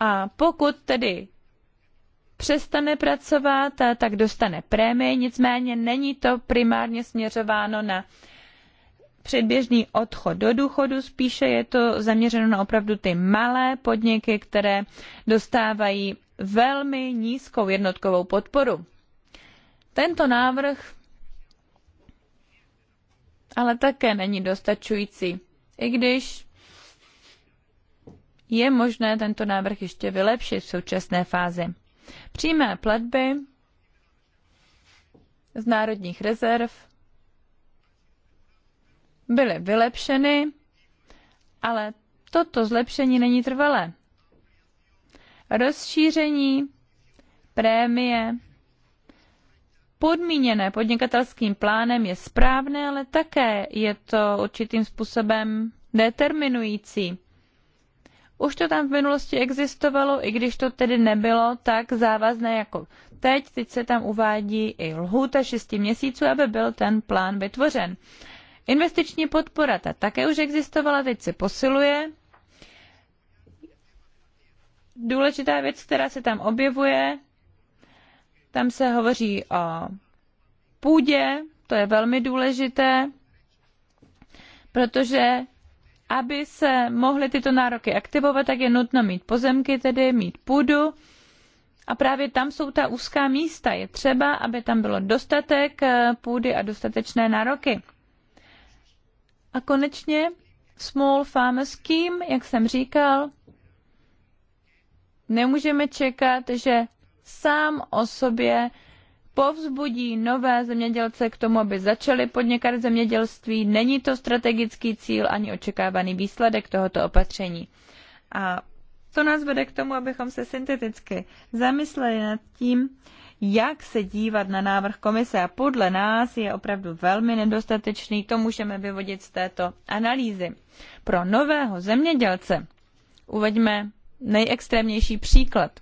a pokud tedy přestane pracovat, eh, tak dostane prémii, nicméně není to primárně směřováno na předběžný odchod do důchodu, spíše je to zaměřeno na opravdu ty malé podniky, které dostávají velmi nízkou jednotkovou podporu. Tento návrh ale také není dostačující, i když je možné tento návrh ještě vylepšit v současné fázi. Přímé platby z národních rezerv byly vylepšeny, ale toto zlepšení není trvalé. Rozšíření prémie podmíněné podnikatelským plánem je správné, ale také je to určitým způsobem determinující. Už to tam v minulosti existovalo, i když to tedy nebylo tak závazné jako teď. Teď se tam uvádí i lhůta 6 měsíců, aby byl ten plán vytvořen. Investiční podpora, ta také už existovala, teď se posiluje. Důležitá věc, která se tam objevuje, tam se hovoří o půdě, to je velmi důležité, protože aby se mohly tyto nároky aktivovat, tak je nutno mít pozemky, tedy mít půdu. A právě tam jsou ta úzká místa. Je třeba, aby tam bylo dostatek eh, půdy a dostatečné nároky. A konečně Small Farm Scheme, jak jsem říkal, nemůžeme čekat, že sám o sobě povzbudí nové zemědělce k tomu, aby začali podnikat zemědělství. Není to strategický cíl ani očekávaný výsledek tohoto opatření. A to nás vede k tomu, abychom se synteticky zamysleli nad tím, jak se dívat na návrh komise a podle nás je opravdu velmi nedostatečný, to můžeme vyvodit z této analýzy. Pro nového zemědělce uveďme nejextrémnější příklad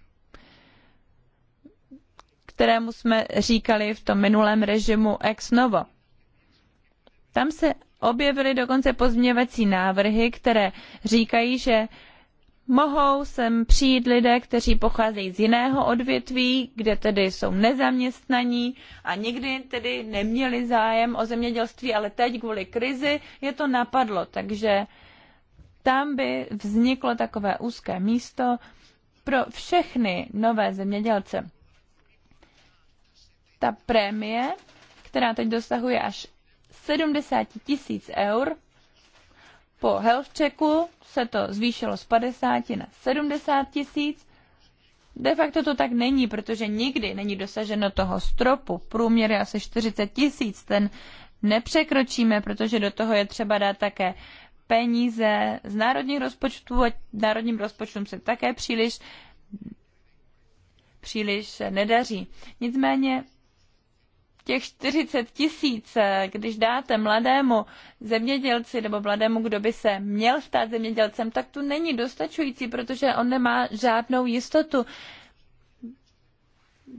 kterému jsme říkali v tom minulém režimu ex novo. Tam se objevily dokonce pozměňovací návrhy, které říkají, že mohou sem přijít lidé, kteří pocházejí z jiného odvětví, kde tedy jsou nezaměstnaní a nikdy tedy neměli zájem o zemědělství, ale teď kvůli krizi je to napadlo. Takže tam by vzniklo takové úzké místo pro všechny nové zemědělce ta prémie, která teď dosahuje až 70 tisíc eur, po health checku se to zvýšilo z 50 na 70 tisíc. De facto to tak není, protože nikdy není dosaženo toho stropu. Průměr je asi 40 tisíc, ten nepřekročíme, protože do toho je třeba dát také peníze z národních rozpočtů a národním rozpočtům se také příliš příliš nedaří. Nicméně těch 40 tisíc, eh, když dáte mladému zemědělci nebo mladému, kdo by se měl stát zemědělcem, tak to není dostačující, protože on nemá žádnou jistotu.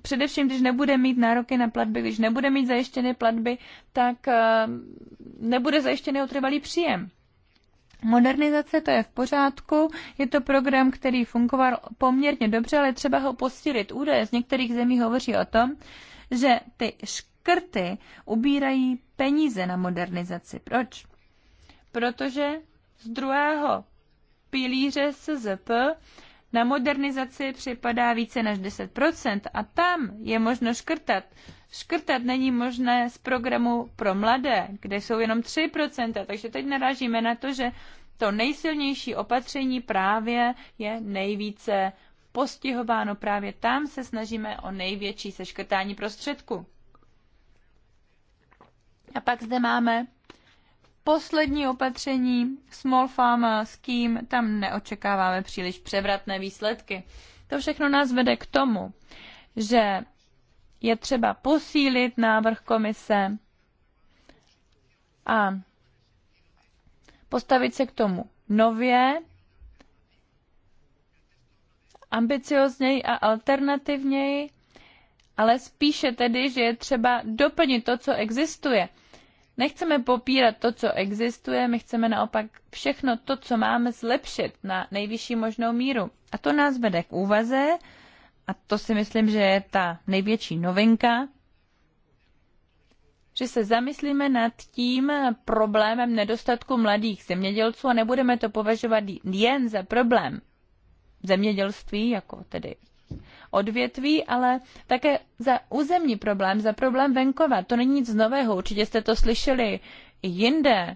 Především, když nebude mít nároky na platby, když nebude mít zajištěné platby, tak eh, nebude zajištěný otrvalý příjem. Modernizace to je v pořádku, je to program, který fungoval poměrně dobře, ale třeba ho posílit. Údaje z některých zemí hovoří o tom, že ty školy, škrty ubírají peníze na modernizaci. Proč? Protože z druhého pilíře SZP na modernizaci připadá více než 10% a tam je možno škrtat. Škrtat není možné z programu pro mladé, kde jsou jenom 3%, takže teď narážíme na to, že to nejsilnější opatření právě je nejvíce postihováno. Právě tam se snažíme o největší seškrtání prostředku. A pak zde máme poslední opatření Small s kým tam neočekáváme příliš převratné výsledky. To všechno nás vede k tomu, že je třeba posílit návrh komise a postavit se k tomu nově, ambiciozněji a alternativněji, ale spíše tedy, že je třeba doplnit to, co existuje. Nechceme popírat to, co existuje, my chceme naopak všechno to, co máme, zlepšit na nejvyšší možnou míru. A to nás vede k úvaze, a to si myslím, že je ta největší novinka, že se zamyslíme nad tím problémem nedostatku mladých zemědělců a nebudeme to považovat jen za problém zemědělství, jako tedy odvětví, ale také za územní problém, za problém venkova. To není nic nového, určitě jste to slyšeli jinde.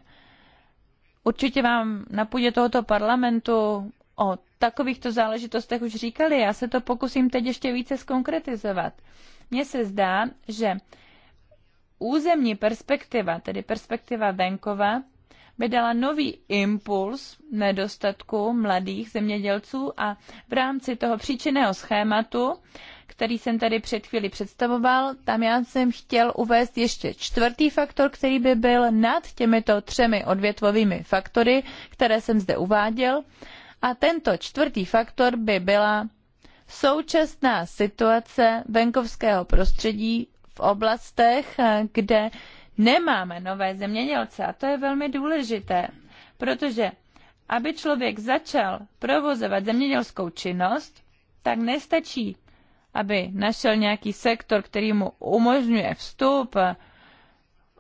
Určitě vám na půdě tohoto parlamentu o takovýchto záležitostech už říkali. Já se to pokusím teď ještě více skonkretizovat. Mně se zdá, že územní perspektiva, tedy perspektiva venkova, by dala nový impuls nedostatku mladých zemědělců a v rámci toho příčinného schématu, který jsem tady před chvíli představoval, tam já jsem chtěl uvést ještě čtvrtý faktor, který by byl nad těmito třemi odvětvovými faktory, které jsem zde uváděl. A tento čtvrtý faktor by byla současná situace venkovského prostředí v oblastech, eh, kde nemáme nové zemědělce a to je velmi důležité, protože aby člověk začal provozovat zemědělskou činnost, tak nestačí, aby našel nějaký sektor, který mu umožňuje vstup,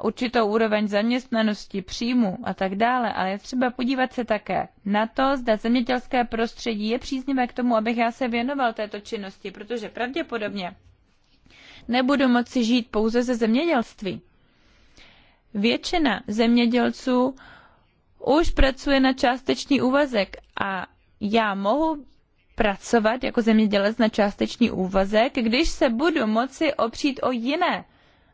určitou úroveň zaměstnanosti, příjmu a tak dále, ale je třeba podívat se také na to, zda zemědělské prostředí je příznivé k tomu, abych já se věnoval této činnosti, protože pravděpodobně nebudu moci žít pouze ze zemědělství většina zemědělců už pracuje na částečný úvazek a já mohu pracovat jako zemědělec na částečný úvazek, když se budu moci opřít o jiné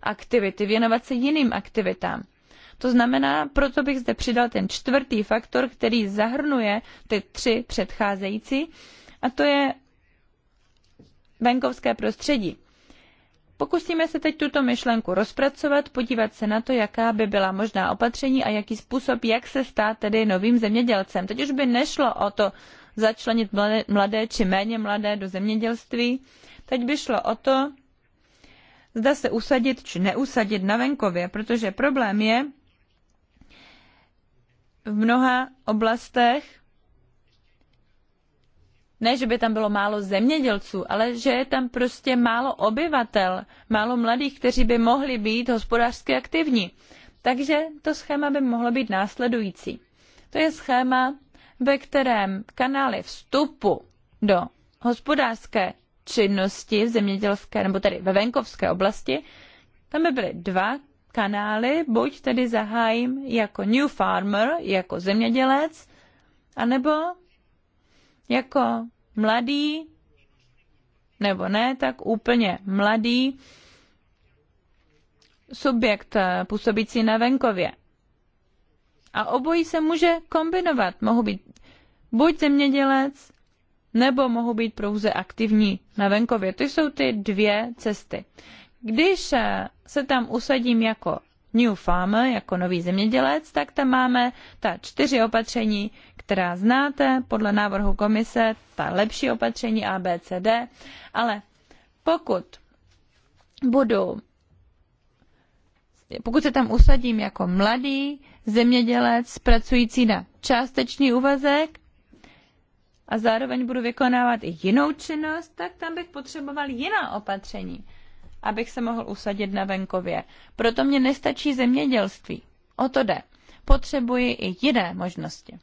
aktivity, věnovat se jiným aktivitám. To znamená, proto bych zde přidal ten čtvrtý faktor, který zahrnuje ty tři předcházející, a to je venkovské prostředí. Pokusíme se teď tuto myšlenku rozpracovat, podívat se na to, jaká by byla možná opatření a jaký způsob, jak se stát tedy novým zemědělcem. Teď už by nešlo o to začlenit mladé, mladé či méně mladé do zemědělství. Teď by šlo o to, zda se usadit či neusadit na venkově, protože problém je v mnoha oblastech, ne, že by tam bylo málo zemědělců, ale že je tam prostě málo obyvatel, málo mladých, kteří by mohli být hospodářsky aktivní. Takže to schéma by mohlo být následující. To je schéma, ve kterém kanály vstupu do hospodářské činnosti v zemědělské, nebo tedy ve venkovské oblasti, tam by byly dva kanály, buď tedy zahájím jako new farmer, jako zemědělec, anebo jako mladý nebo ne, tak úplně mladý subjekt eh, působící na venkově. A obojí se může kombinovat. Mohu být buď zemědělec, nebo mohu být pouze aktivní na venkově. To jsou ty dvě cesty. Když eh, se tam usadím jako New Farm jako nový zemědělec, tak tam máme ta čtyři opatření, která znáte podle návrhu komise, ta lepší opatření A, B, C, D, ale pokud budu pokud se tam usadím jako mladý zemědělec pracující na částečný úvazek a zároveň budu vykonávat i jinou činnost, tak tam bych potřeboval jiná opatření abych se mohl usadit na venkově. Proto mě nestačí zemědělství. O to jde. Potřebuji i jiné možnosti.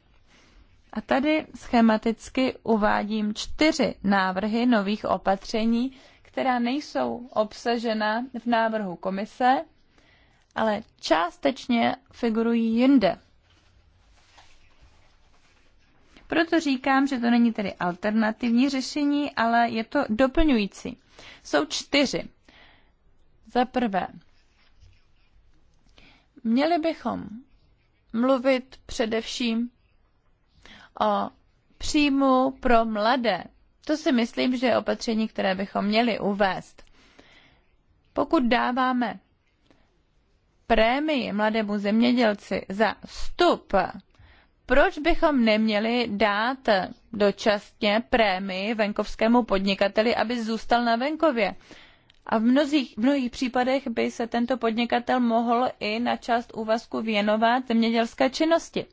A tady schematicky uvádím čtyři návrhy nových opatření, která nejsou obsažena v návrhu komise, ale částečně figurují jinde. Proto říkám, že to není tedy alternativní řešení, ale je to doplňující. Jsou čtyři. Za prvé, měli bychom mluvit především o příjmu pro mladé. To si myslím, že je opatření, které bychom měli uvést. Pokud dáváme prémii mladému zemědělci za vstup, proč bychom neměli dát dočasně prémii venkovskému podnikateli, aby zůstal na venkově? A v mnozích, v mnohých případech by se tento podnikatel mohl i na část úvazku věnovat zemědělské činnosti.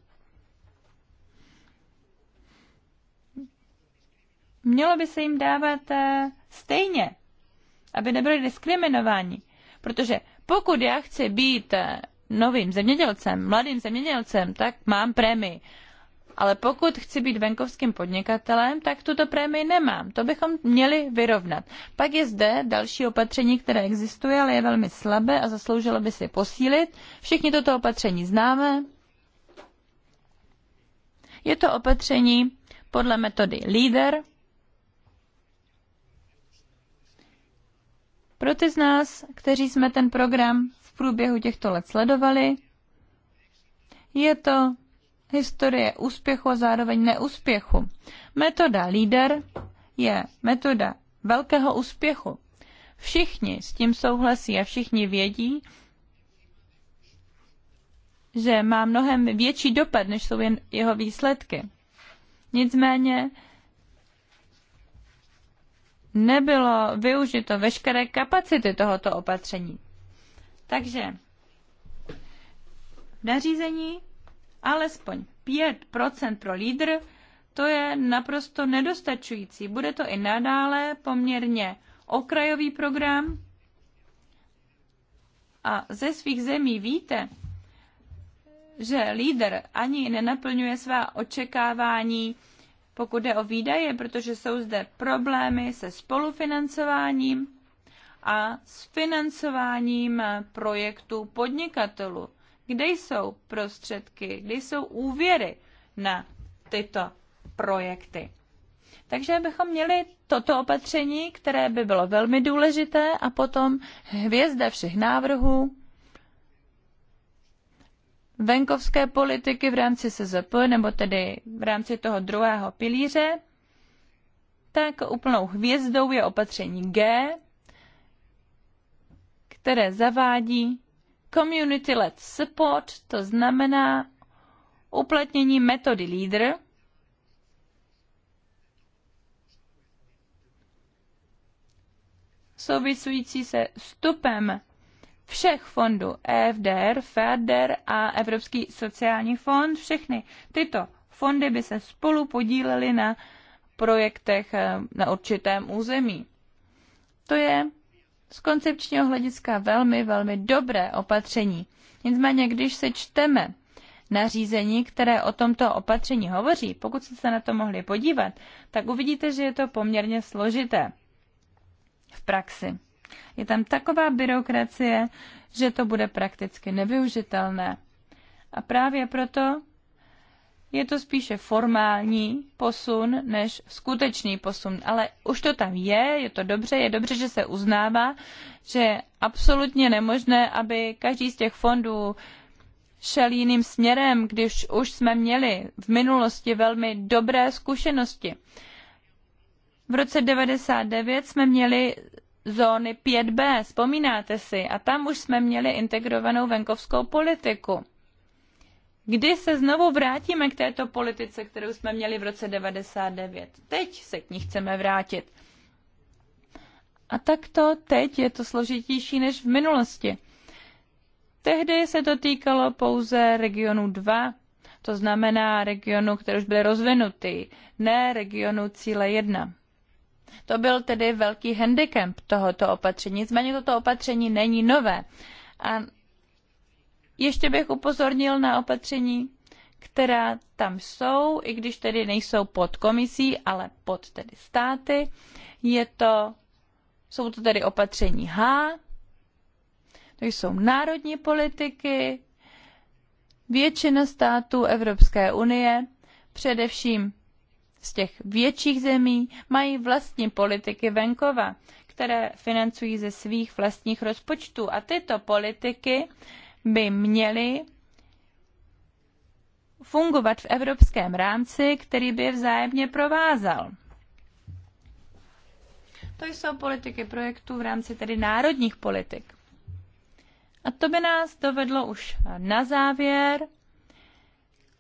Mělo by se jim dávat eh, stejně, aby nebyli diskriminováni. Protože pokud já chci být eh, novým zemědělcem, mladým zemědělcem, tak mám prémii ale pokud chci být venkovským podnikatelem, tak tuto prémii nemám. To bychom měli vyrovnat. Pak je zde další opatření, které existuje, ale je velmi slabé a zasloužilo by si posílit. Všichni toto opatření známe. Je to opatření podle metody LEADER, Pro ty z nás, kteří jsme ten program v průběhu těchto let sledovali, je to historie úspěchu a zároveň neúspěchu. Metoda líder je metoda velkého úspěchu. Všichni s tím souhlasí a všichni vědí, že má mnohem větší dopad, než jsou jen jeho výsledky. Nicméně nebylo využito veškeré kapacity tohoto opatření. Takže v nařízení alespoň 5% pro lídr, to je naprosto nedostačující. Bude to i nadále poměrně okrajový program. A ze svých zemí víte, že lídr ani nenaplňuje svá očekávání, pokud jde o výdaje, protože jsou zde problémy se spolufinancováním a s financováním projektů podnikatelů kde jsou prostředky, kde jsou úvěry na tyto projekty. Takže bychom měli toto opatření, které by bylo velmi důležité, a potom hvězda všech návrhů, venkovské politiky v rámci SZP, nebo tedy v rámci toho druhého pilíře, tak úplnou hvězdou je opatření G, které zavádí community-led support, to znamená uplatnění metody LEADER, souvisující se vstupem všech fondů EFDR, FEDER a Evropský sociální fond. Všechny tyto fondy by se spolu podílely na projektech eh, na určitém území. To je z koncepčního hlediska velmi, velmi dobré opatření. Nicméně, když se čteme nařízení, které o tomto opatření hovoří, pokud jste se na to mohli podívat, tak uvidíte, že je to poměrně složité v praxi. Je tam taková byrokracie, že to bude prakticky nevyužitelné. A právě proto je to spíše formální posun než skutečný posun, ale už to tam je, je to dobře, je dobře, že se uznává, že je absolutně nemožné, aby každý z těch fondů šel jiným směrem, když už jsme měli v minulosti velmi dobré zkušenosti. V roce 99 jsme měli zóny 5B, vzpomínáte si, a tam už jsme měli integrovanou venkovskou politiku kdy se znovu vrátíme k této politice, kterou jsme měli v roce 99. Teď se k ní chceme vrátit. A takto teď je to složitější než v minulosti. Tehdy se to týkalo pouze regionu 2, to znamená regionu, který už byl rozvinutý, ne regionu cíle 1. To byl tedy velký handicap tohoto opatření, nicméně toto opatření není nové. A ještě bych upozornil na opatření, která tam jsou, i když tedy nejsou pod komisí, ale pod tedy státy. Je to, jsou to tedy opatření H, to jsou národní politiky, většina států Evropské unie, především z těch větších zemí, mají vlastní politiky venkova, které financují ze svých vlastních rozpočtů. A tyto politiky by měly fungovat v evropském rámci, který by je vzájemně provázal. To jsou politiky projektů v rámci tedy národních politik. A to by nás dovedlo už na závěr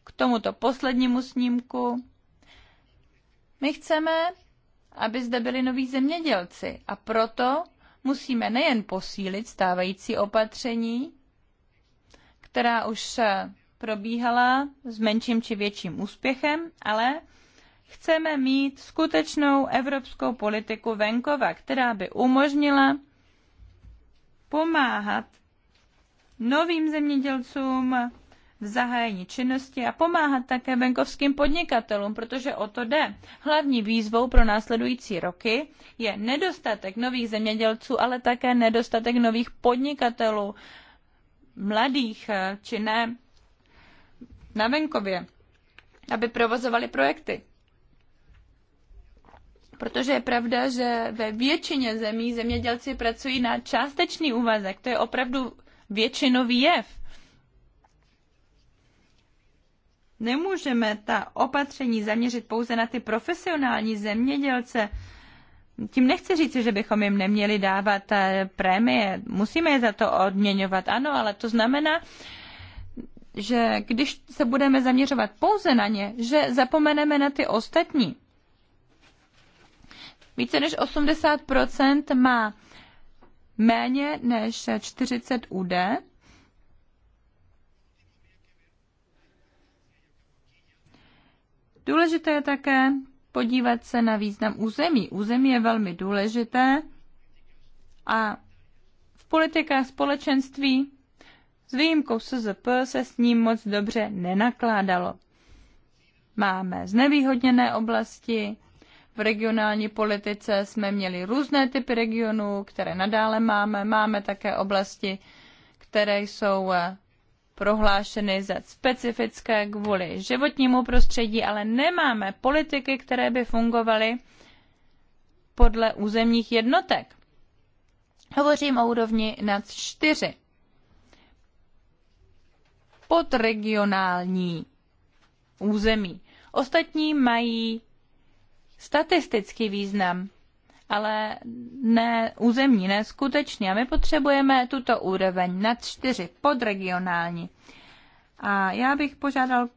k tomuto poslednímu snímku. My chceme, aby zde byli noví zemědělci a proto musíme nejen posílit stávající opatření, která už probíhala s menším či větším úspěchem, ale chceme mít skutečnou evropskou politiku venkova, která by umožnila pomáhat novým zemědělcům v zahájení činnosti a pomáhat také venkovským podnikatelům, protože o to jde. Hlavní výzvou pro následující roky je nedostatek nových zemědělců, ale také nedostatek nových podnikatelů mladých eh, či ne na venkově, aby provozovali projekty. Protože je pravda, že ve většině zemí zemědělci pracují na částečný úvazek. To je opravdu většinový jev. Nemůžeme ta opatření zaměřit pouze na ty profesionální zemědělce, tím nechci říct, že bychom jim neměli dávat eh, prémie. Musíme je za to odměňovat, ano, ale to znamená, že když se budeme zaměřovat pouze na ně, že zapomeneme na ty ostatní. Více než 80% má méně než 40 UD. Důležité je také podívat se na význam území. Území je velmi důležité a v politikách společenství s výjimkou SZP se s ním moc dobře nenakládalo. Máme znevýhodněné oblasti, v regionální politice jsme měli různé typy regionů, které nadále máme. Máme také oblasti, které jsou eh, prohlášeny za specifické kvůli životnímu prostředí, ale nemáme politiky, které by fungovaly podle územních jednotek. Hovořím o úrovni nad čtyři. Podregionální území. Ostatní mají statistický význam ale ne územní, ne skutečný. A my potřebujeme tuto úroveň nad čtyři, podregionální. A já bych požádal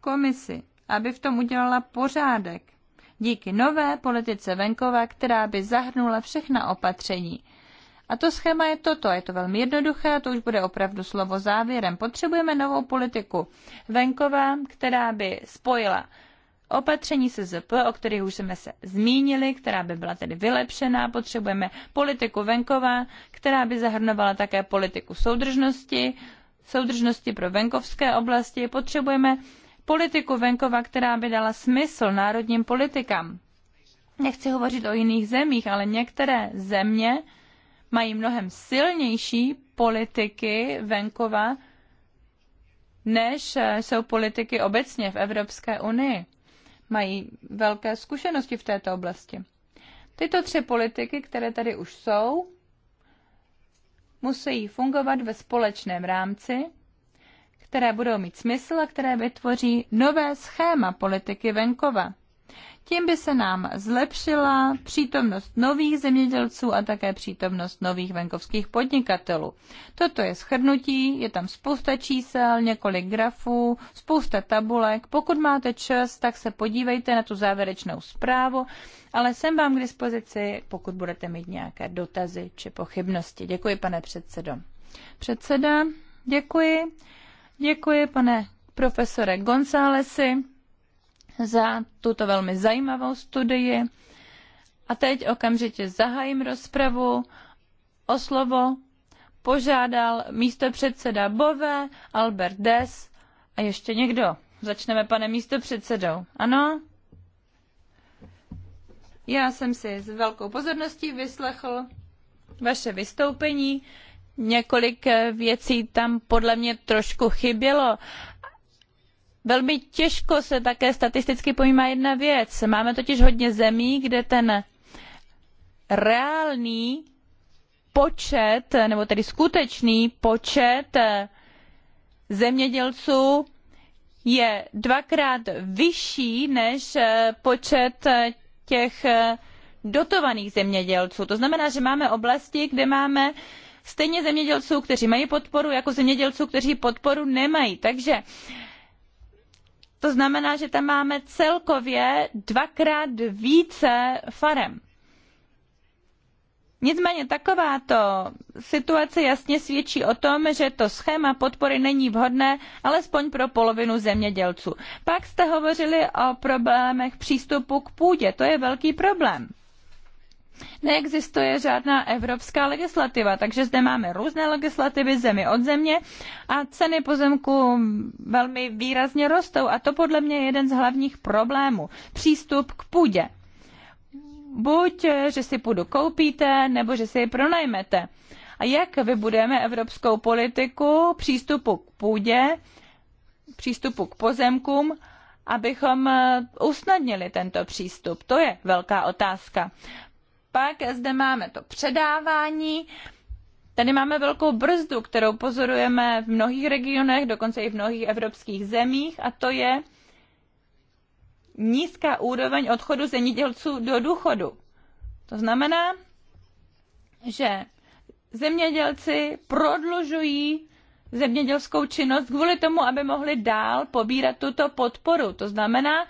komisi, aby v tom udělala pořádek. Díky nové politice venkova, která by zahrnula všechna opatření. A to schéma je toto, je to velmi jednoduché, to už bude opravdu slovo závěrem. Potřebujeme novou politiku venkova, která by spojila opatření SZP, o kterých už jsme se zmínili, která by byla tedy vylepšená. Potřebujeme politiku venkova, která by zahrnovala také politiku soudržnosti, soudržnosti pro venkovské oblasti. Potřebujeme politiku venkova, která by dala smysl národním politikám. Nechci hovořit o jiných zemích, ale některé země mají mnohem silnější politiky venkova, než jsou politiky obecně v Evropské unii mají velké zkušenosti v této oblasti. Tyto tři politiky, které tady už jsou, musí fungovat ve společném rámci, které budou mít smysl a které vytvoří nové schéma politiky venkova. Tím by se nám zlepšila přítomnost nových zemědělců a také přítomnost nových venkovských podnikatelů. Toto je schrnutí, je tam spousta čísel, několik grafů, spousta tabulek. Pokud máte čas, tak se podívejte na tu závěrečnou zprávu, ale jsem vám k dispozici, pokud budete mít nějaké dotazy či pochybnosti. Děkuji, pane předsedo. Předseda, děkuji. Děkuji, pane profesore Gonzálesi za tuto velmi zajímavou studii. A teď okamžitě zahájím rozpravu. O slovo požádal místo předseda Bové, Albert Des a ještě někdo. Začneme, pane místo předsedou. Ano? Já jsem si s velkou pozorností vyslechl vaše vystoupení. Několik věcí tam podle mě trošku chybělo Velmi těžko se také statisticky pojímá jedna věc. Máme totiž hodně zemí, kde ten reálný počet, nebo tedy skutečný počet eh, zemědělců je dvakrát vyšší než eh, počet eh, těch dotovaných zemědělců. To znamená, že máme oblasti, kde máme stejně zemědělců, kteří mají podporu, jako zemědělců, kteří podporu nemají. Takže uh, to znamená, že tam máme celkově dvakrát více farem. Nicméně takováto situace jasně svědčí o tom, že to schéma podpory není vhodné alespoň pro polovinu zemědělců. Pak jste hovořili o problémech přístupu k půdě. To je velký problém neexistuje žádná evropská legislativa, takže zde máme různé legislativy zemi od země a ceny pozemku velmi výrazně rostou a to podle mě je jeden z hlavních problémů. Přístup k půdě. Buď, že si půdu koupíte, nebo že si ji pronajmete. A jak vybudujeme evropskou politiku přístupu k půdě, přístupu k pozemkům, abychom usnadnili tento přístup? To je velká otázka pak zde máme to předávání. Tady máme velkou brzdu, kterou pozorujeme v mnohých regionech, dokonce i v mnohých evropských zemích, a to je nízká úroveň odchodu zemědělců do důchodu. To znamená, že zemědělci prodlužují zemědělskou činnost kvůli tomu, aby mohli dál pobírat tuto podporu. To znamená,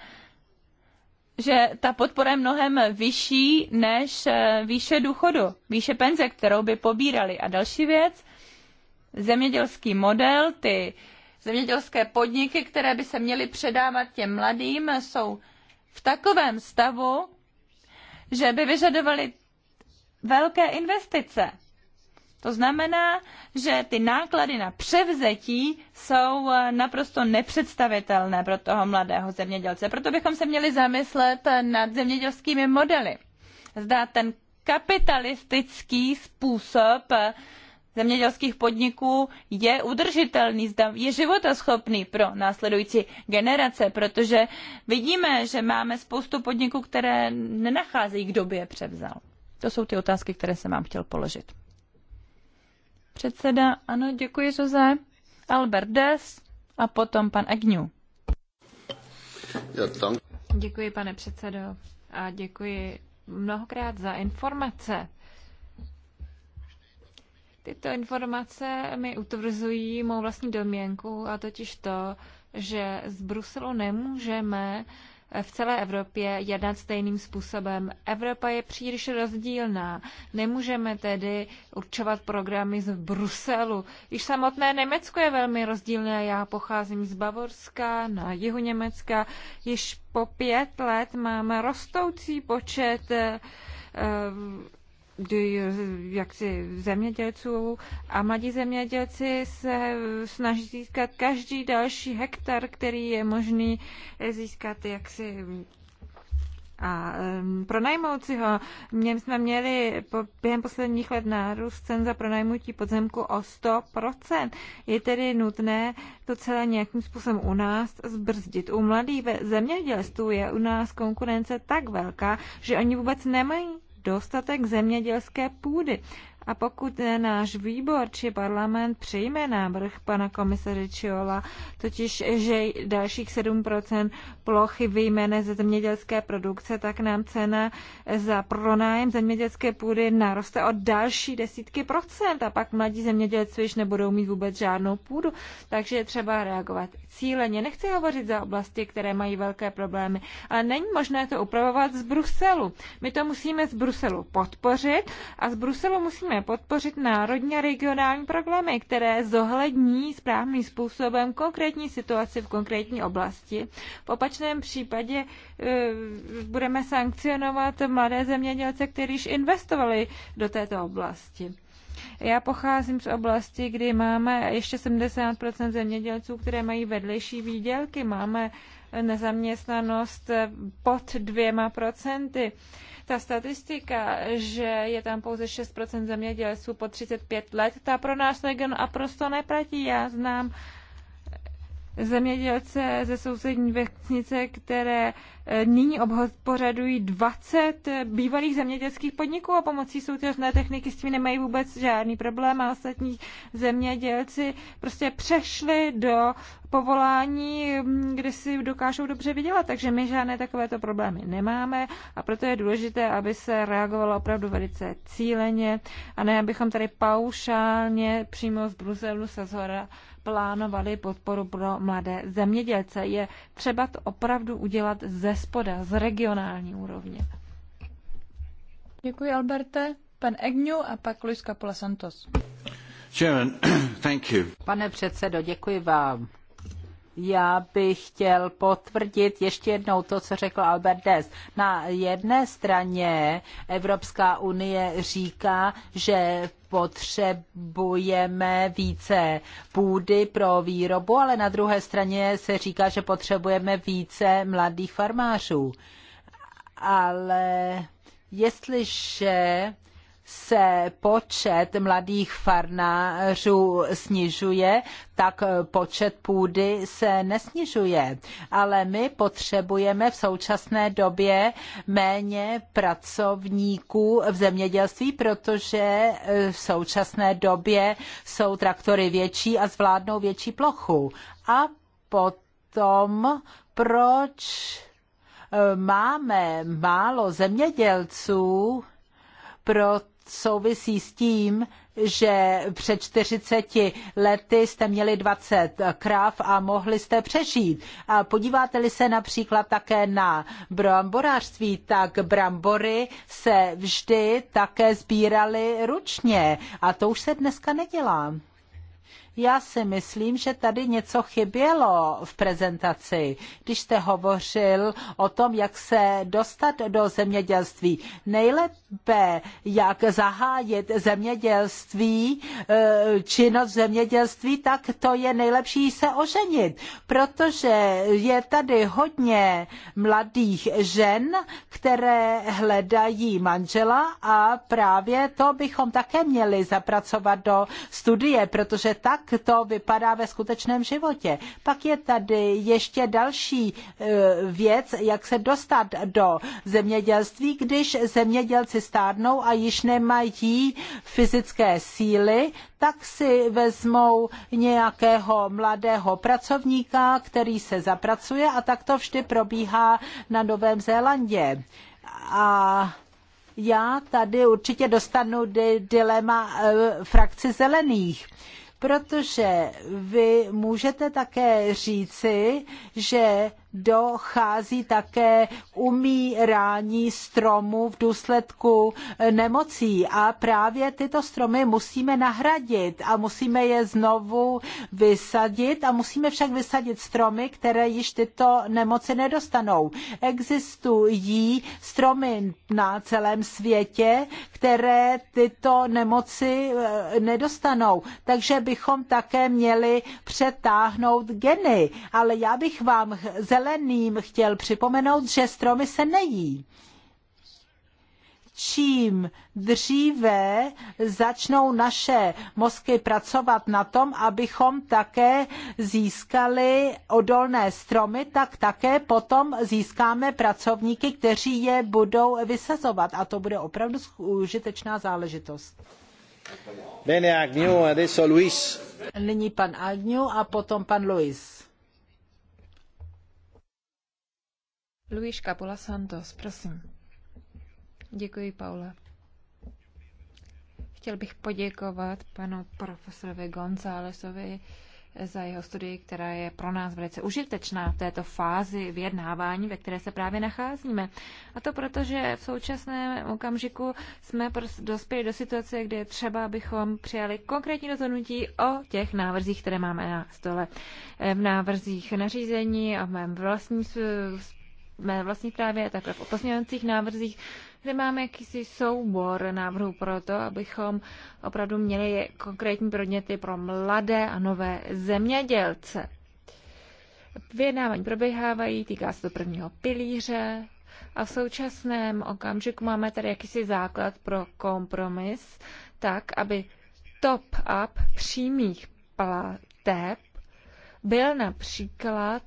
že ta podpora je mnohem vyšší než eh, výše důchodu, výše penze, kterou by pobírali. A další věc, zemědělský model, ty zemědělské podniky, které by se měly předávat těm mladým, jsou v takovém stavu, že by vyžadovaly velké investice. To znamená, že ty náklady na převzetí jsou eh, naprosto nepředstavitelné pro toho mladého zemědělce. Proto bychom se měli zamyslet eh, nad zemědělskými modely. Zdá ten kapitalistický způsob eh, zemědělských podniků je udržitelný, zda je životaschopný pro následující generace, protože vidíme, že máme spoustu podniků, které nenacházejí, kdo by je převzal. To jsou ty otázky, které jsem vám chtěl položit. Předseda, ano, děkuji, Jose. Albert Des a potom pan Agňu. Děkuji, pane předsedo, a děkuji mnohokrát za informace. Tyto informace mi utvrzují mou vlastní domněnku, a totiž to, že z Bruselu nemůžeme uh, v celé Evropě jednat stejným způsobem. Evropa je příliš rozdílná. Nemůžeme tedy určovat programy z Bruselu. Již samotné Německo je velmi rozdílné. Já pocházím z Bavorska, na jihu Německa. Již po pět let máme rostoucí počet uh, jaksi zemědělců a mladí zemědělci se snaží získat každý další hektar, který je možný získat jaksi a um, pronajmout si ho. Mě jsme měli po, během posledních let nárůst cen za pronajmutí podzemku o 100%. Je tedy nutné to celé nějakým způsobem u nás zbrzdit. U mladých zemědělců je u nás konkurence tak velká, že oni vůbec nemají dostatek zemědělské půdy. A pokud eh, náš výbor či parlament přijme návrh pana komisaře Čiola, totiž, eh, že dalších 7% plochy vyjmene ze zemědělské produkce, tak nám cena eh, za pronájem zemědělské půdy naroste o další desítky procent a pak mladí zemědělci již nebudou mít vůbec žádnou půdu. Takže je třeba reagovat cíleně. Nechci hovořit za oblasti, které mají velké problémy, ale není možné to upravovat z Bruselu. My to musíme z Bruselu podpořit a z Bruselu musíme musíme podpořit národní a regionální programy, které zohlední správným způsobem konkrétní situaci v konkrétní oblasti. V opačném případě e, budeme sankcionovat mladé zemědělce, kteří investovali do této oblasti. Já pocházím z oblasti, kdy máme ještě 70 zemědělců, které mají vedlejší výdělky. Máme nezaměstnanost pod dvěma procenty. Ta statistika, že je tam pouze 6% zemědělců po 35 let, ta pro nás region a prosto neplatí. Já znám zemědělce ze sousední vesnice, které eh, nyní obhospodařují 20 eh, bývalých zemědělských podniků a pomocí současné techniky s tím nemají vůbec žádný problém a ostatní zemědělci prostě přešli do povolání, hm, kde si dokážou dobře vydělat, takže my žádné takovéto problémy nemáme a proto je důležité, aby se reagovalo opravdu velice cíleně a ne, abychom tady paušálně přímo z Bruselu se zhora plánovali podporu pro mladé zemědělce. Je třeba to opravdu udělat ze spoda, z regionální úrovně. Děkuji, Alberte. Pan Egnu a pak Luis Capola Santos. Chairman, thank you. Pane předsedo, děkuji vám. Já bych chtěl potvrdit ještě jednou to, co řekl Albert Des. Na jedné straně Evropská unie říká, že potřebujeme více půdy pro výrobu, ale na druhé straně se říká, že potřebujeme více mladých farmářů. Ale jestliže se počet mladých farmářů snižuje, tak počet půdy se nesnižuje. Ale my potřebujeme v současné době méně pracovníků v zemědělství, protože v současné době jsou traktory větší a zvládnou větší plochu. A potom proč eh, máme málo zemědělců, proto souvisí s tím, že před 40 lety jste měli 20 krav a mohli jste přežít. A podíváte-li se například také na bramborářství, tak brambory se vždy také sbíraly ručně a to už se dneska nedělá. Já si myslím, že tady něco chybělo v prezentaci, když jste hovořil o tom, jak se dostat do zemědělství. Nejlépe, jak zahájit zemědělství, eh, činnost zemědělství, tak to je nejlepší se oženit, protože je tady hodně mladých žen, které hledají manžela a právě to bychom také měli zapracovat do studie, protože tak jak to vypadá ve skutečném životě. Pak je tady ještě další e, věc, jak se dostat do zemědělství, když zemědělci stárnou a již nemají fyzické síly, tak si vezmou nějakého mladého pracovníka, který se zapracuje a tak to vždy probíhá na Novém Zélandě. A já tady určitě dostanu dilema e, frakci zelených protože vy můžete také říci, že dochází také k umírání stromů v důsledku nemocí a právě tyto stromy musíme nahradit a musíme je znovu vysadit a musíme však vysadit stromy, které již tyto nemoci nedostanou. Existují stromy na celém světě, které tyto nemoci eh, nedostanou. Takže bychom také měli přetáhnout geny. Ale já bych vám zelený zeleným chtěl připomenout, že stromy se nejí čím dříve začnou naše mozky pracovat na tom, abychom také získali odolné stromy, tak také potom získáme pracovníky, kteří je budou vysazovat. A to bude opravdu užitečná záležitost. Bene, Agnew, adesso Luis. Nyní pan Agnew a potom pan Luis. Luis Capula Santos, prosím. Děkuji, Paula. Chtěl bych poděkovat panu profesorovi Gonzálesovi za jeho studii, která je pro nás velice užitečná v této fázi vyjednávání, ve které se právě nacházíme. A to proto, že v současném okamžiku jsme dospěli do situace, kde je třeba, abychom přijali konkrétní rozhodnutí o těch návrzích, které máme na stole. V návrzích nařízení a v mém vlastním mé vlastní právě a také v pozměňovacích návrzích, kde máme jakýsi soubor návrhů pro to, abychom opravdu měli konkrétní podněty pro mladé a nové zemědělce. Vyjednávání probíhávají, týká se to prvního pilíře a v současném okamžiku máme tady jakýsi základ pro kompromis, tak, aby top-up přímých plateb byl například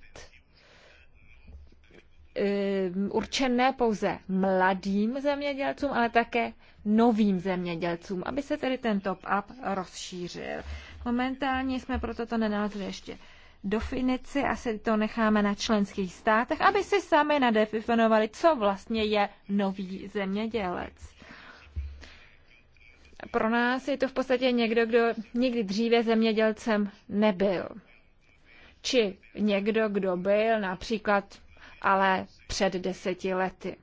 Um, určené pouze mladým zemědělcům, ale také novým zemědělcům, aby se tedy ten top-up rozšířil. Momentálně jsme proto to nenalezli ještě definici, asi to necháme na členských státech, aby si sami nadefinovali, co vlastně je nový zemědělec. Pro nás je to v podstatě někdo, kdo nikdy dříve zemědělcem nebyl. Či někdo, kdo byl například ale před deseti lety.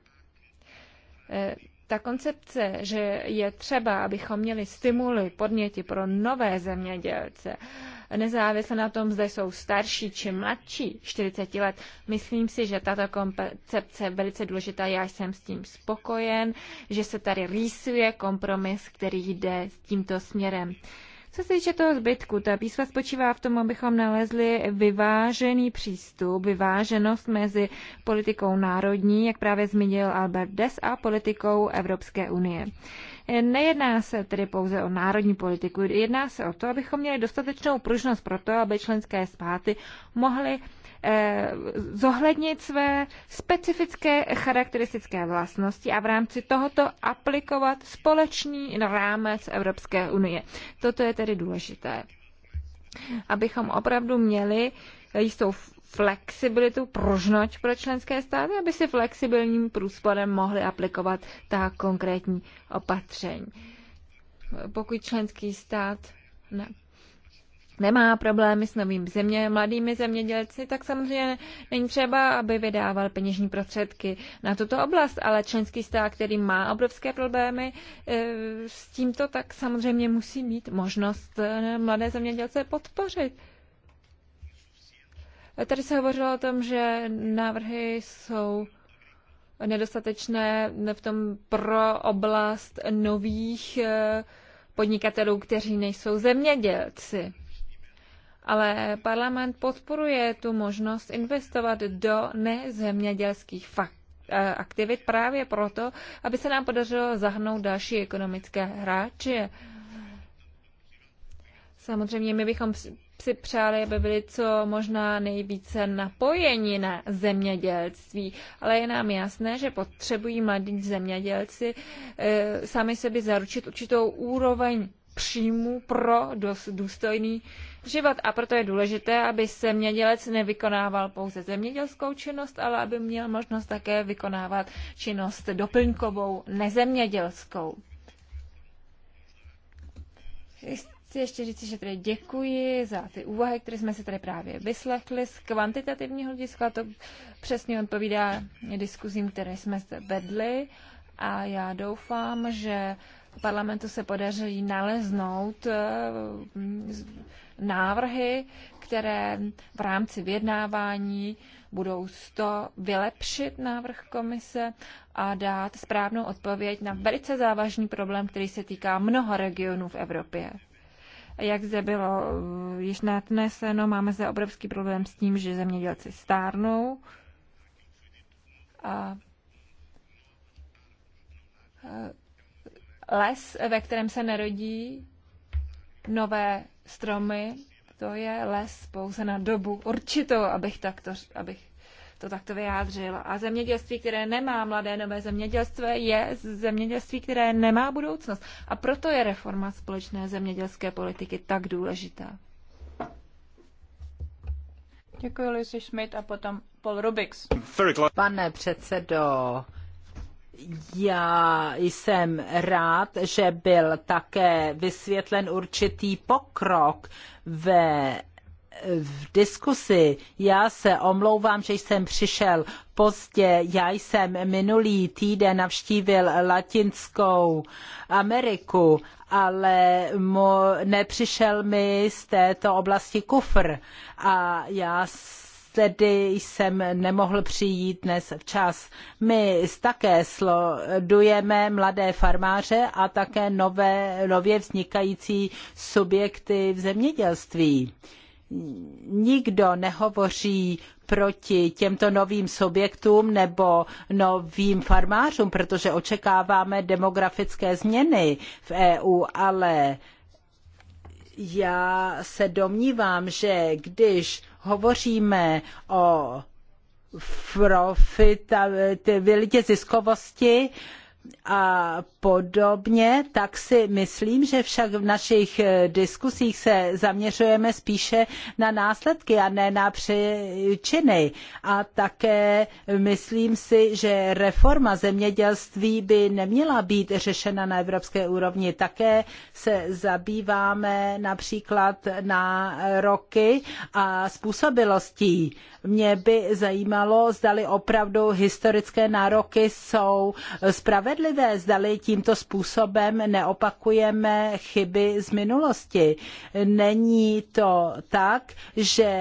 E, ta koncepce, že je třeba, abychom měli stimuly, podněti pro nové zemědělce, nezávisle na tom, zda jsou starší či mladší 40 let. Myslím si, že tato koncepce je velice důležitá. Já jsem s tím spokojen, že se tady rýsuje kompromis, který jde tímto směrem. Co se týče toho zbytku, ta výzva spočívá v tom, abychom nalezli vyvážený přístup, vyváženost mezi politikou národní, jak právě zmínil Albert Des, a politikou Evropské unie. Nejedná se tedy pouze o národní politiku, jedná se o to, abychom měli dostatečnou pružnost pro to, aby členské státy mohly eh, zohlednit své specifické charakteristické vlastnosti a v rámci tohoto aplikovat společný rámec Evropské unie. Toto je tedy důležité, abychom opravdu měli jistou flexibilitu, pružnoť pro členské státy, aby si flexibilním průspodem mohly aplikovat ta konkrétní opatření. Pokud členský stát ne, nemá problémy s novými země, mladými zemědělci, tak samozřejmě není třeba, aby vydával peněžní prostředky na tuto oblast, ale členský stát, který má obrovské problémy eh, s tímto, tak samozřejmě musí mít možnost eh, mladé zemědělce podpořit. Tady se hovořilo o tom, že návrhy jsou nedostatečné v tom pro oblast nových eh, podnikatelů, kteří nejsou zemědělci. Ale parlament podporuje tu možnost investovat do nezemědělských fakt eh, aktivit právě proto, aby se nám podařilo zahnout další ekonomické hráče. Samozřejmě my bychom si přáli, aby byli co možná nejvíce napojeni na zemědělství, ale je nám jasné, že potřebují mladí zemědělci e, sami sebe zaručit určitou úroveň příjmu pro dost důstojný život. A proto je důležité, aby zemědělec nevykonával pouze zemědělskou činnost, ale aby měl možnost také vykonávat činnost doplňkovou, nezemědělskou Chci ještě říct, že tady děkuji za ty úvahy, které jsme si tady právě vyslechli. Z kvantitativního hlediska to přesně odpovídá diskuzím, které jsme zde vedli. A já doufám, že parlamentu se podaří naleznout eh, návrhy, které v rámci vyjednávání budou z to vylepšit návrh komise a dát správnou odpověď na velice závažný problém, který se týká mnoha regionů v Evropě. Jak zde bylo eh, již nadneseno, máme zde obrovský problém s tím, že zemědělci stárnou a eh, les, ve kterém se nerodí nové stromy, to je les pouze na dobu určitou, abych, takto, abych to takto vyjádřil. A zemědělství, které nemá mladé nové zemědělství, je zemědělství, které nemá budoucnost. A proto je reforma společné zemědělské politiky tak důležitá. Děkuji, Lucy Schmidt a potom Paul Rubix. Pane předsedo, já jsem rád, že byl také vysvětlen určitý pokrok ve v diskusi. Já se omlouvám, že jsem přišel pozdě. Já jsem minulý týden navštívil Latinskou Ameriku, ale mu nepřišel mi z této oblasti kufr. A já tedy jsem nemohl přijít dnes včas. My také sledujeme mladé farmáře a také nové, nově vznikající subjekty v zemědělství. Uh, nikdo nehovoří proti těmto novým subjektům nebo novým farmářům, protože očekáváme demografické změny v EU, ale já se domnívám, že když hovoříme o profitabilitě ziskovosti, a podobně, tak si myslím, že však v našich eh, diskusích se zaměřujeme spíše na následky a ne na příčiny. A také myslím si, že reforma zemědělství by neměla být řešena na evropské úrovni. Také se zabýváme například na roky a způsobilostí. Mě by zajímalo, zdali opravdu historické nároky jsou spravedlivé spravedlivé, zdali tímto způsobem neopakujeme chyby z minulosti. Není to tak, že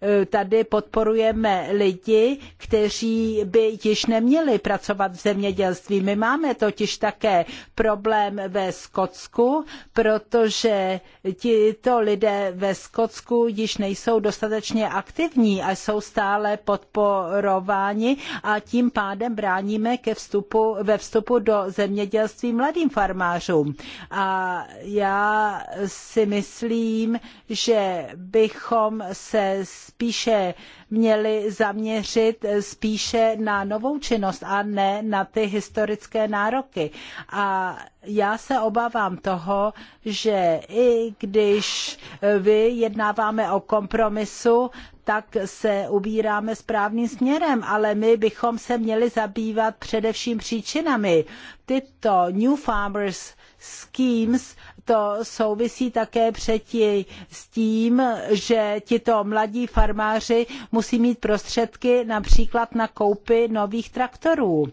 Eh, tady podporujeme lidi, kteří by již neměli pracovat v zemědělství. My máme totiž také problém ve Skotsku, protože tito lidé ve Skotsku již nejsou dostatečně aktivní a jsou stále podporováni a tím pádem bráníme ke vstupu, ve vstupu do zemědělství mladým farmářům. A já si myslím, že bychom se s spíše měli zaměřit spíše na novou činnost a ne na ty historické nároky. A já se obávám toho, že i když vyjednáváme o kompromisu, tak se ubíráme správným směrem, ale my bychom se měli zabývat především příčinami. Tyto New Farmers Schemes to souvisí také přeci s tím, že tito mladí farmáři musí mít prostředky například na koupy nových traktorů.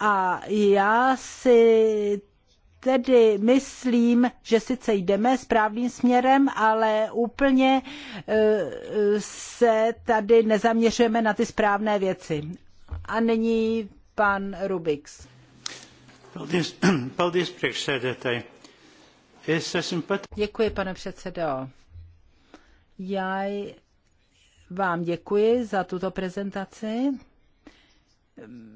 A já si tedy myslím, že sice jdeme správným směrem, ale úplně e, se tady nezaměřujeme na ty správné věci. A nyní pan Rubiks. Paldies, paldies Děkuji, pane předsedo. Já vám děkuji za tuto prezentaci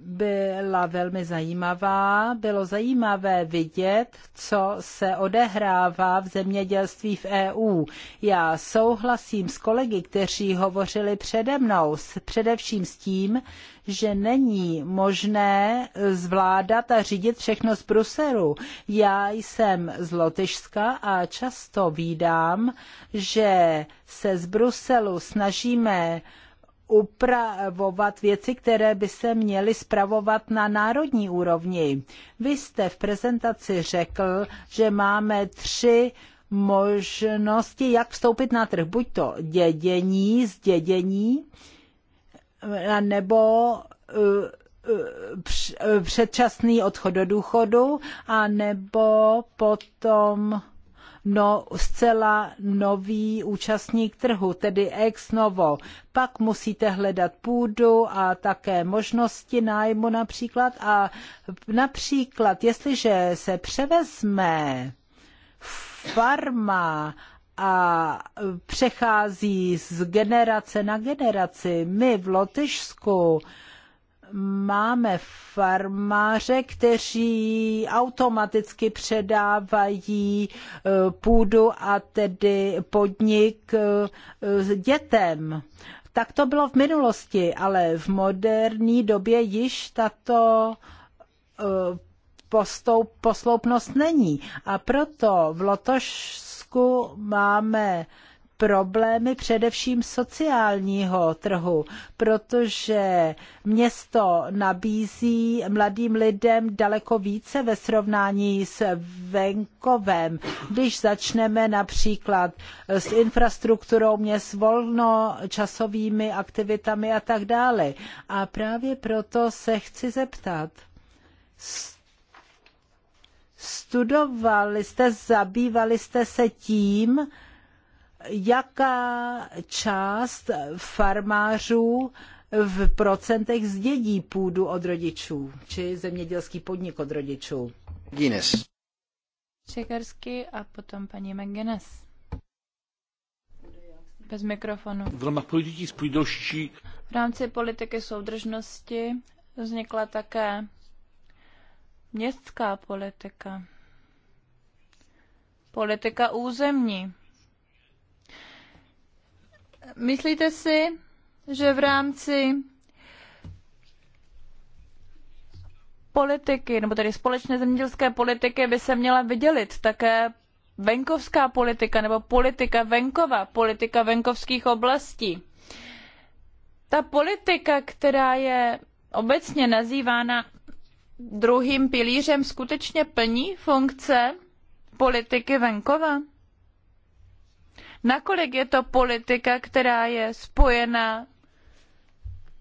byla velmi zajímavá. Bylo zajímavé vidět, co se odehrává v zemědělství v EU. Já souhlasím s kolegy, kteří hovořili přede mnou, především s tím, že není možné zvládat a řídit všechno z Bruselu. Já jsem z Lotyšska a často vídám, že se z Bruselu snažíme upravovat věci, které by se měly spravovat na národní úrovni. Vy jste v prezentaci řekl, že máme tři možnosti, jak vstoupit na trh. Buď to dědění, zdědění, nebo e, e, e, předčasný odchod do důchodu, a nebo potom no, zcela nový účastník trhu, tedy ex novo. Pak musíte hledat půdu a také možnosti nájmu například. A například, jestliže se převezme farma a přechází z generace na generaci. My v Lotyšsku máme farmáře, kteří automaticky předávají eh, půdu a tedy podnik eh, dětem. Tak to bylo v minulosti, ale v moderní době již tato eh, postoup, posloupnost není. A proto v Lotošsku máme problémy především sociálního trhu, protože město nabízí mladým lidem daleko více ve srovnání s venkovem. Když začneme například s infrastrukturou měst volno, časovými aktivitami a tak dále. A právě proto se chci zeptat, studovali jste, zabývali jste se tím, jaká část farmářů v procentech zdědí půdu od rodičů, či zemědělský podnik od rodičů. Guinness. Čekarsky a potom paní McGuinness. Bez mikrofonu. V rámci politiky spoludnosti. V rámci politiky soudržnosti vznikla také městská politika. Politika územní Myslíte si, že v rámci politiky, nebo tedy společné zemědělské politiky by se měla vydělit také venkovská politika nebo politika venkova, politika venkovských oblastí. Ta politika, která je obecně nazývána druhým pilířem, skutečně plní funkce politiky venkova? Nakolik je to politika, která je spojena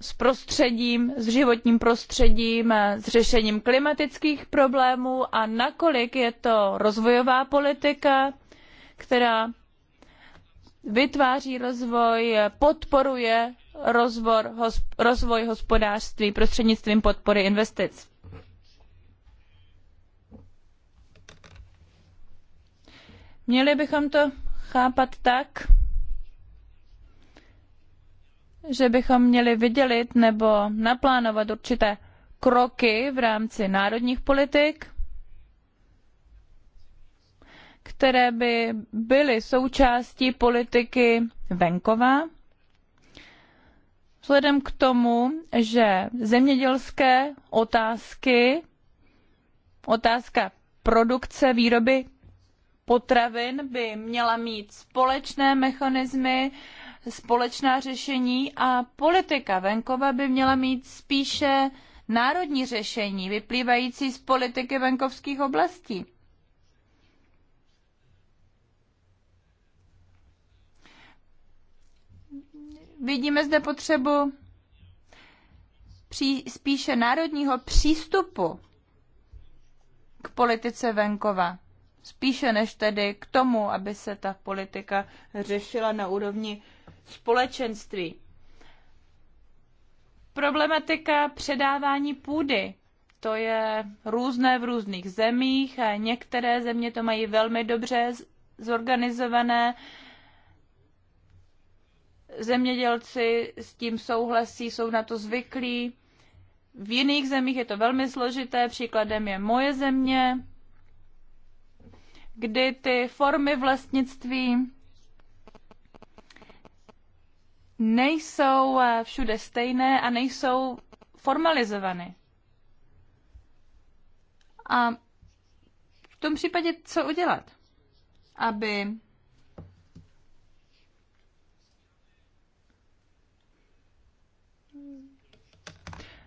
s prostředím, s životním prostředím, s řešením klimatických problémů a nakolik je to rozvojová politika, která vytváří rozvoj, podporuje rozvoj, hospodářství prostřednictvím podpory investic. Měli bychom to chápat tak, že bychom měli vydělit nebo naplánovat určité kroky v rámci národních politik, které by byly součástí politiky venková. Vzhledem k tomu, že zemědělské otázky, otázka produkce, výroby potravin by měla mít společné mechanismy, společná řešení a politika venkova by měla mít spíše národní řešení vyplývající z politiky venkovských oblastí. Vidíme zde potřebu pří, spíše národního přístupu k politice venkova spíše než tedy k tomu, aby se ta politika řešila na úrovni společenství. Problematika předávání půdy. To je různé v různých zemích. Některé země to mají velmi dobře zorganizované. Zemědělci s tím souhlasí, jsou na to zvyklí. V jiných zemích je to velmi složité. Příkladem je moje země, kdy ty formy vlastnictví nejsou eh, všude stejné a nejsou formalizovány, A v tom případě co udělat, aby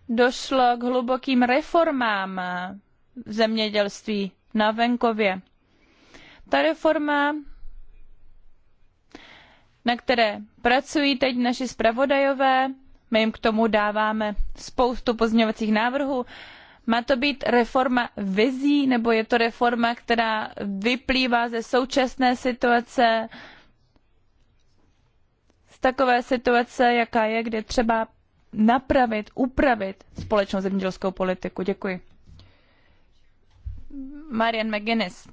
došlo k hlubokým reformám v eh, zemědělství na venkově. Ta reforma, na které pracují teď naši zpravodajové, my jim k tomu dáváme spoustu pozměňovacích návrhů, má to být reforma vizí, nebo je to reforma, která vyplývá ze současné situace, z takové situace, jaká je, kde třeba napravit, upravit společnou zemědělskou politiku? Děkuji. Marian McGuinness.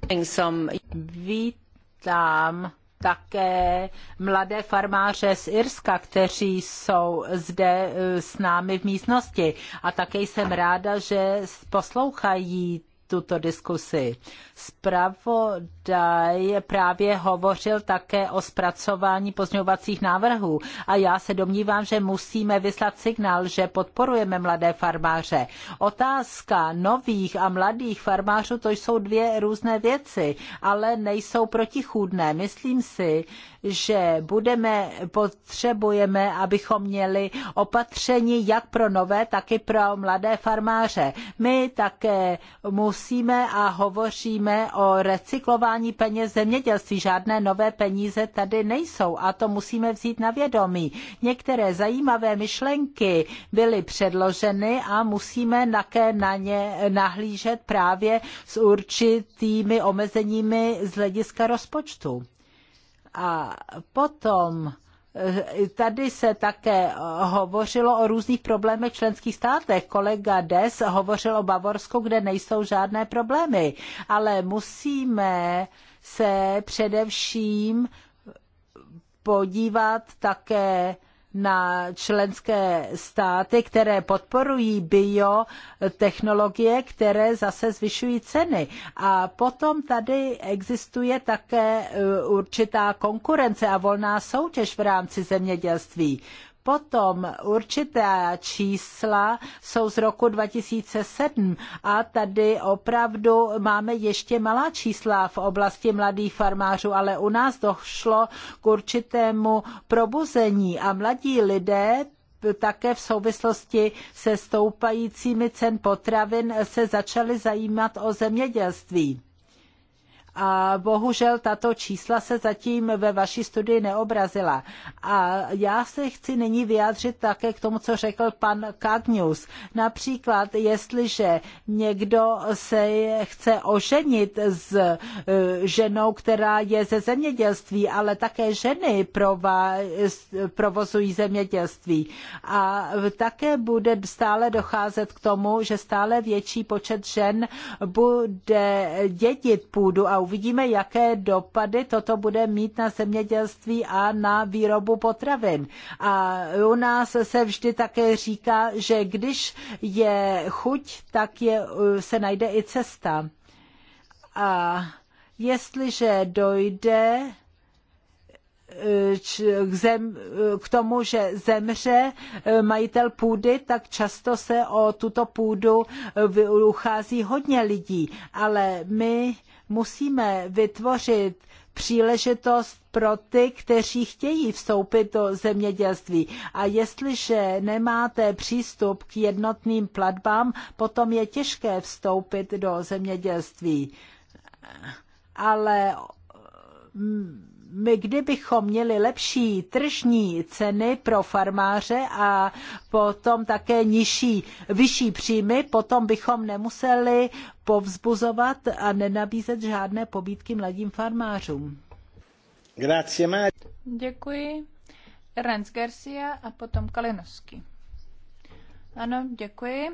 Vítám také mladé farmáře z Irska, kteří jsou zde eh, s námi v místnosti. A také jsem ráda, že poslouchají tuto diskusi. Spravodaj právě hovořil také o zpracování pozňovacích návrhů a já se domnívám, že musíme vyslat signál, že podporujeme mladé farmáře. Otázka nových a mladých farmářů, to jsou dvě různé věci, ale nejsou protichůdné. Myslím si, že budeme, potřebujeme, abychom měli opatření jak pro nové, tak i pro mladé farmáře. My také musíme a hovoříme o recyklování peněz zemědělství. Žádné nové peníze tady nejsou a to musíme vzít na vědomí. Některé zajímavé myšlenky byly předloženy a musíme také na ně nahlížet právě s určitými omezeními z hlediska rozpočtu. A potom eh, Tady se také eh, hovořilo o různých problémech v členských státech. Kolega Des hovořil o Bavorsku, kde nejsou žádné problémy, ale musíme se především podívat také na členské státy, které podporují biotechnologie, které zase zvyšují ceny. A potom tady existuje také e, určitá konkurence a volná soutěž v rámci zemědělství. Potom určitá čísla jsou z roku 2007 a tady opravdu máme ještě malá čísla v oblasti mladých farmářů, ale u nás došlo k určitému probuzení a mladí lidé také v souvislosti se stoupajícími cen potravin se začali zajímat o zemědělství. A bohužel tato čísla se zatím ve vaší studii neobrazila. A já se chci nyní vyjádřit také k tomu, co řekl pan Kadnius. Například, jestliže někdo se chce oženit s e, ženou, která je ze zemědělství, ale také ženy provozují zemědělství. A také bude stále docházet k tomu, že stále větší počet žen bude dědit půdu a uvidíme, jaké dopady toto bude mít na zemědělství a na výrobu potravin. A u nás se vždy také říká, že když je chuť, tak je, se najde i cesta. A jestliže dojde k, zem, k tomu, že zemře e, majitel půdy, tak často se o tuto půdu uchází hodně lidí. Ale my Musíme vytvořit příležitost pro ty, kteří chtějí vstoupit do zemědělství. A jestliže nemáte přístup k jednotným platbám, potom je těžké vstoupit do zemědělství. Ale mm, my kdybychom měli lepší tržní ceny pro farmáře a potom také nižší, vyšší příjmy, potom bychom nemuseli povzbuzovat a nenabízet žádné pobídky mladým farmářům. Grazie, Děkuji. Ernst Garcia a potom Kalinovský. Ano, děkuji.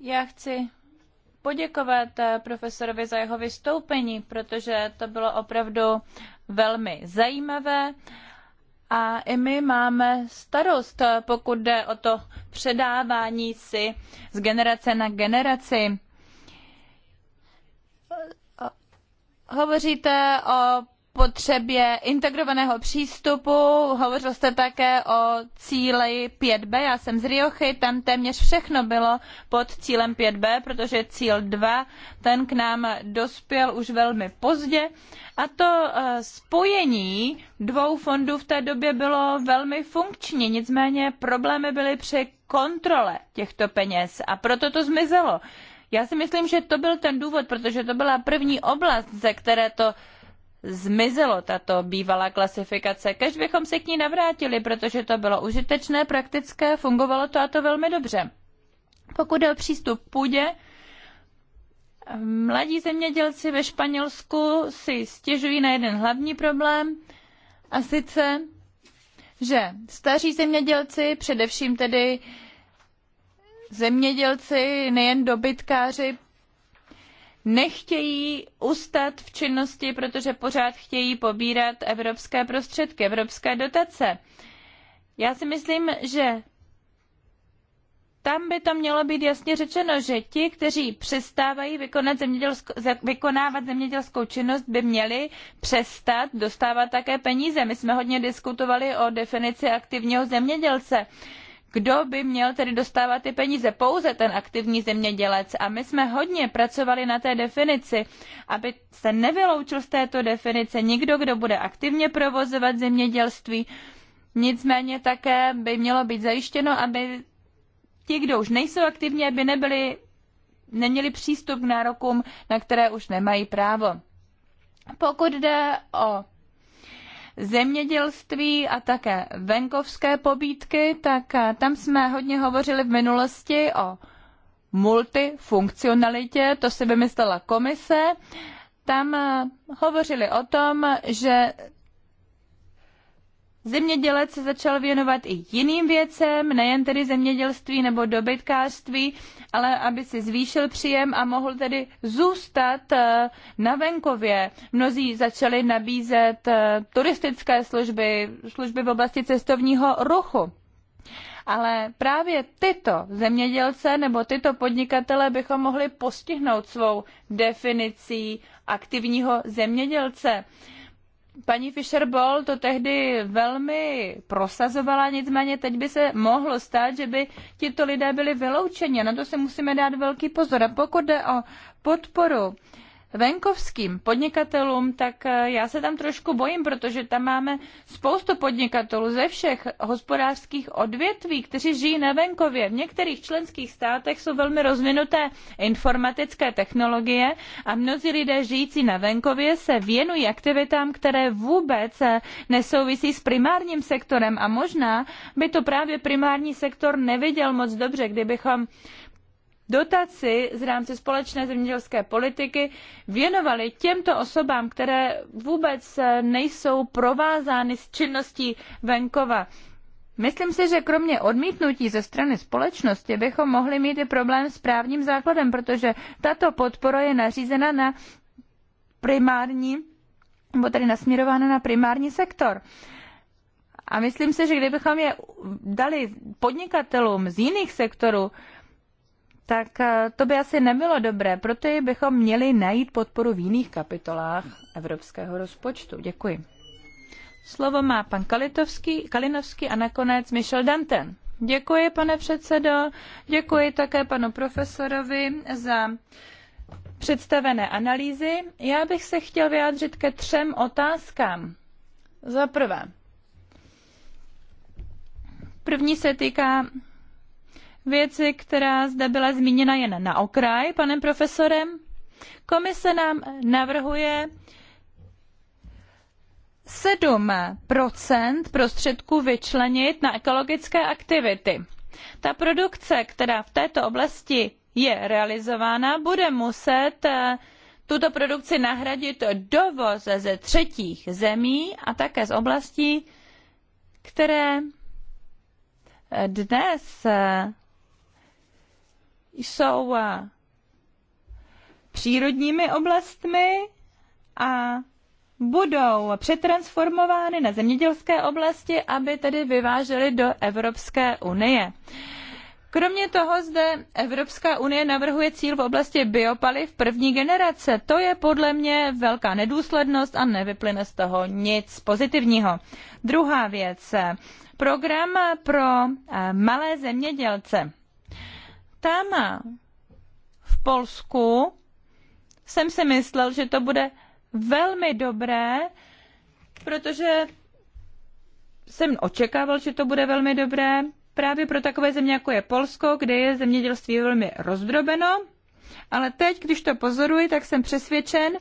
Já chci poděkovat eh, profesorovi za jeho vystoupení, protože to bylo opravdu velmi zajímavé. A i my máme starost, eh, pokud jde o to předávání si z generace na generaci. Eh, hovoříte o potřebě integrovaného přístupu, hovořil jste také o cíli 5B, já jsem z Riochy, tam téměř všechno bylo pod cílem 5B, protože cíl two ten k nám dospěl už velmi pozdě a to eh, spojení dvou fondů v té době bylo velmi funkční, nicméně problémy byly při kontrole těchto peněz a proto to zmizelo. Já si myslím, že to byl ten důvod, protože to byla první oblast, ze které to zmizelo tato bývalá klasifikace. Kež bychom se k ní navrátili, protože to bylo užitečné, praktické, fungovalo to a to velmi dobře. Pokud je o přístup k půdě, mladí zemědělci ve Španělsku si stěžují na jeden hlavní problém, a sice, že staří zemědělci, především tedy zemědělci, nejen dobytkáři, nechtějí ustat v činnosti, protože pořád chtějí pobírat evropské prostředky, evropské dotace. Já si myslím, že tam by to mělo být jasně řečeno, že ti, kteří přestávají vykonat zemědělsko, vykonávat zemědělskou činnost, by měli přestat dostávat také peníze. My jsme hodně diskutovali o definici aktivního zemědělce. Uh, kdo by měl tedy dostávat ty peníze? Pouze ten aktivní zemědělec. A my jsme hodně pracovali na té definici, aby se nevyloučil z této definice nikdo, kdo bude aktivně provozovat zemědělství. Nicméně také by mělo být zajištěno, aby ti, kdo už nejsou aktivní, aby nebyli, neměli přístup k nárokům, na které už nemají právo. Pokud jde o zemědělství a také venkovské pobídky, tak eh, tam jsme hodně hovořili v minulosti o multifunkcionalitě, to si vymyslela komise. Tam eh, hovořili o tom, že zemědělec se začal věnovat i jiným věcem, nejen tedy zemědělství nebo dobytkářství, ale aby si zvýšil příjem a mohl tedy zůstat eh, na venkově. Mnozí začali nabízet eh, turistické služby, služby v oblasti cestovního ruchu. Ale právě tyto zemědělce nebo tyto podnikatele bychom mohli postihnout svou definicí aktivního zemědělce. Uh, Paní Fischer Boll to tehdy velmi prosazovala, nicméně teď by se mohlo stát, že by tito lidé byli vyloučeni. Na to se musíme dát velký pozor. A pokud jde o podporu venkovským podnikatelům, tak eh, já se tam trošku bojím, protože tam máme spoustu podnikatelů ze všech hospodářských odvětví, kteří žijí na venkově. V některých členských státech jsou velmi rozvinuté informatické technologie a mnozí lidé žijící na venkově se věnují aktivitám, které vůbec eh, nesouvisí s primárním sektorem a možná by to právě primární sektor neviděl moc dobře, kdybychom dotaci z rámce společné zemědělské politiky věnovali těmto osobám, které vůbec nejsou provázány s činností venkova. Myslím si, že kromě odmítnutí ze strany společnosti bychom mohli mít i problém s právním základem, protože tato podpora je nařízena na primární, nebo tedy nasměrována na primární sektor. A myslím si, že kdybychom je dali podnikatelům z jiných sektorů, tak eh, to by asi nebylo dobré. Proto bychom měli najít podporu v jiných kapitolách evropského rozpočtu. Děkuji. Slovo má pan Kalitovský, Kalinovský a nakonec Michel Danten. Děkuji, pane předsedo. Děkuji také panu profesorovi za představené analýzy. Já bych se chtěl vyjádřit ke třem otázkám. Za prvé. První se týká věci, která zde byla zmíněna jen na okraj panem profesorem. Komise nám navrhuje 7 prostředků vyčlenit na ekologické aktivity. Ta produkce, která v této oblasti je realizována, bude muset eh, tuto produkci nahradit dovoz ze třetích zemí a také z oblastí, které dnes eh, jsou eh, přírodními oblastmi a budou přetransformovány na zemědělské oblasti, aby tedy vyvážely do Evropské unie. Kromě toho zde Evropská unie navrhuje cíl v oblasti biopaliv první generace. To je podle mě velká nedůslednost a nevyplyne z toho nic pozitivního. Druhá věc. Program pro eh, malé zemědělce téma. V Polsku jsem si myslel, že to bude velmi dobré, protože jsem očekával, že to bude velmi dobré právě pro takové země, jako je Polsko, kde je zemědělství velmi rozdrobeno. Ale teď, když to pozoruji, tak jsem přesvědčen,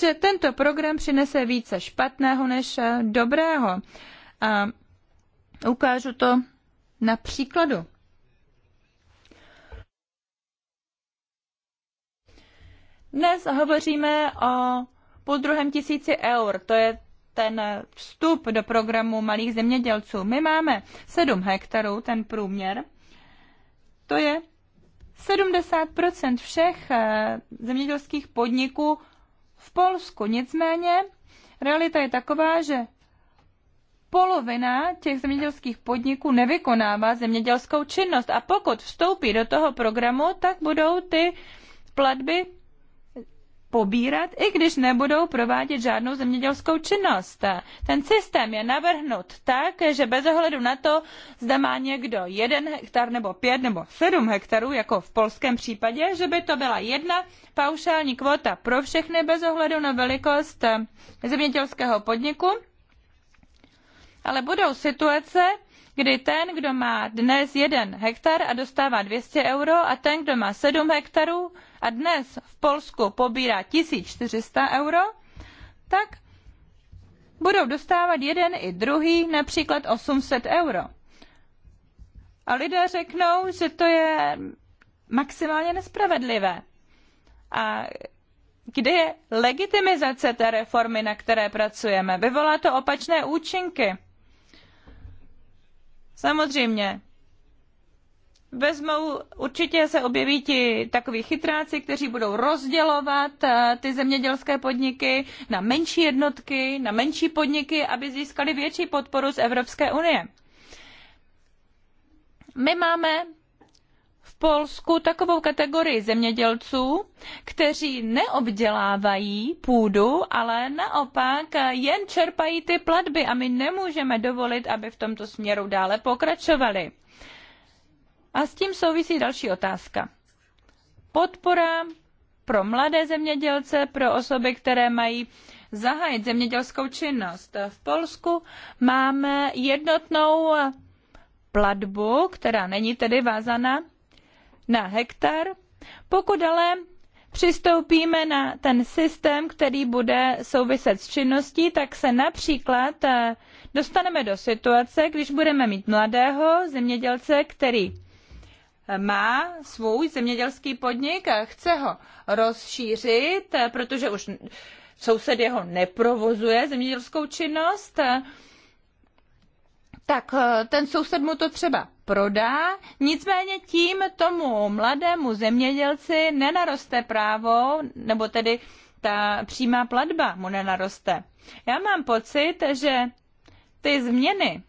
že tento program přinese více špatného než eh, dobrého. A ukážu to na příkladu. Dnes hovoříme o půl druhém tisíci eur, to je ten vstup do programu malých zemědělců. My máme 7 hektarů, ten průměr. To je 70 všech eh, zemědělských podniků v Polsku. Nicméně realita je taková, že polovina těch zemědělských podniků nevykonává zemědělskou činnost a pokud vstoupí do toho programu, tak budou ty platby pobírat, i když nebudou provádět žádnou zemědělskou činnost. Ten systém je navrhnut tak, že bez ohledu na to, zda má někdo jeden hektar nebo pět nebo sedm hektarů, jako v polském případě, že by to byla jedna paušální kvota pro všechny bez ohledu na velikost eh, zemědělského podniku. Ale budou situace, kdy ten, kdo má dnes jeden hektar a dostává 200 euro a ten, kdo má sedm hektarů, a dnes v Polsku pobírá 1400 euro, tak budou dostávat jeden i druhý například 800 euro. A lidé řeknou, že to je maximálně nespravedlivé. A kde je legitimizace té reformy, na které pracujeme? Vyvolá to opačné účinky. Samozřejmě, vezmou, určitě se objeví ti takoví chytráci, kteří budou rozdělovat eh, ty zemědělské podniky na menší jednotky, na menší podniky, aby získali větší podporu z Evropské unie. My máme v Polsku takovou kategorii zemědělců, kteří neobdělávají půdu, ale naopak jen čerpají ty platby a my nemůžeme dovolit, aby v tomto směru dále pokračovali a s tím souvisí další otázka. Podpora pro mladé zemědělce, pro osoby, které mají zahájit zemědělskou činnost. V Polsku máme jednotnou platbu, která není tedy vázaná na hektar. Pokud ale přistoupíme na ten systém, který bude souviset s činností, tak se například eh, dostaneme do situace, když budeme mít mladého zemědělce, který má svůj zemědělský podnik a chce ho rozšířit, protože už soused jeho neprovozuje zemědělskou činnost, tak eh, ten soused mu to třeba prodá, nicméně tím tomu mladému zemědělci nenaroste právo, nebo tedy ta přímá platba mu nenaroste. Já mám pocit, že ty změny,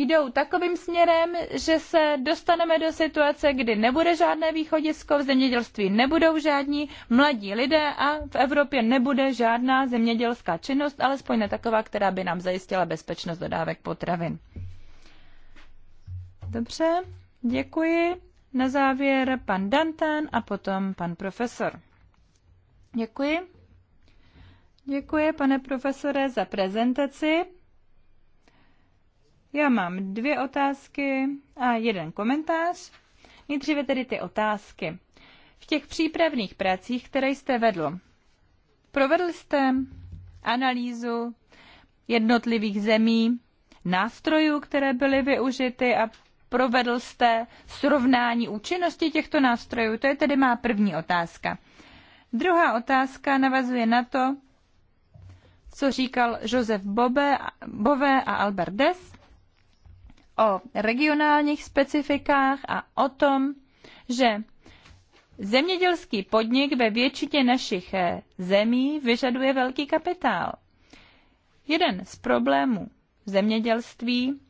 jdou takovým směrem, že se dostaneme do situace, kdy nebude žádné východisko, v zemědělství nebudou žádní mladí lidé a v Evropě nebude žádná zemědělská činnost, alespoň ne taková, která by nám zajistila bezpečnost dodávek potravin. Dobře, děkuji. Na závěr pan Danten a potom pan profesor. Děkuji. Děkuji, pane profesore, za prezentaci. Já mám dvě otázky a jeden komentář. Nejdříve tedy ty otázky. V těch přípravných pracích, které jste vedl, provedl jste analýzu jednotlivých zemí, nástrojů, které byly využity a provedl jste srovnání účinnosti těchto nástrojů? To je tedy má první otázka. Druhá otázka navazuje na to, co říkal Josef Bobe, Bové a Albert Dess o regionálních specifikách a o tom, že zemědělský podnik ve většině našich eh, zemí vyžaduje velký kapitál. Jeden z problémů zemědělství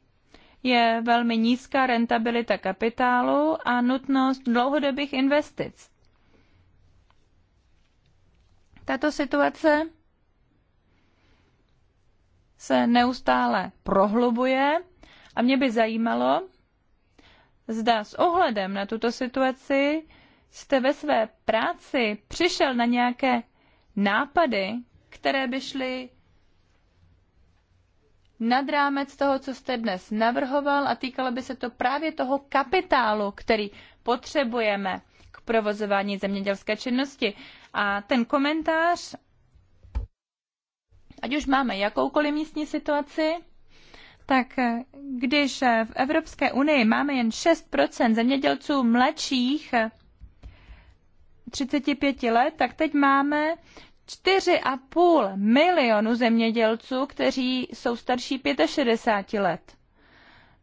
je velmi nízká rentabilita kapitálu a nutnost dlouhodobých investic. Tato situace se neustále prohlubuje a mě by zajímalo, zda s ohledem na tuto situaci jste ve své práci přišel na nějaké nápady, které by šly nad rámec toho, co jste dnes navrhoval a týkalo by se to právě toho kapitálu, který potřebujeme k provozování zemědělské činnosti. A ten komentář, ať už máme jakoukoliv místní situaci, tak eh, když eh, v Evropské unii máme jen 6% zemědělců mladších 35 eh, let, tak teď máme 4,5 milionu zemědělců, kteří jsou starší 65 let.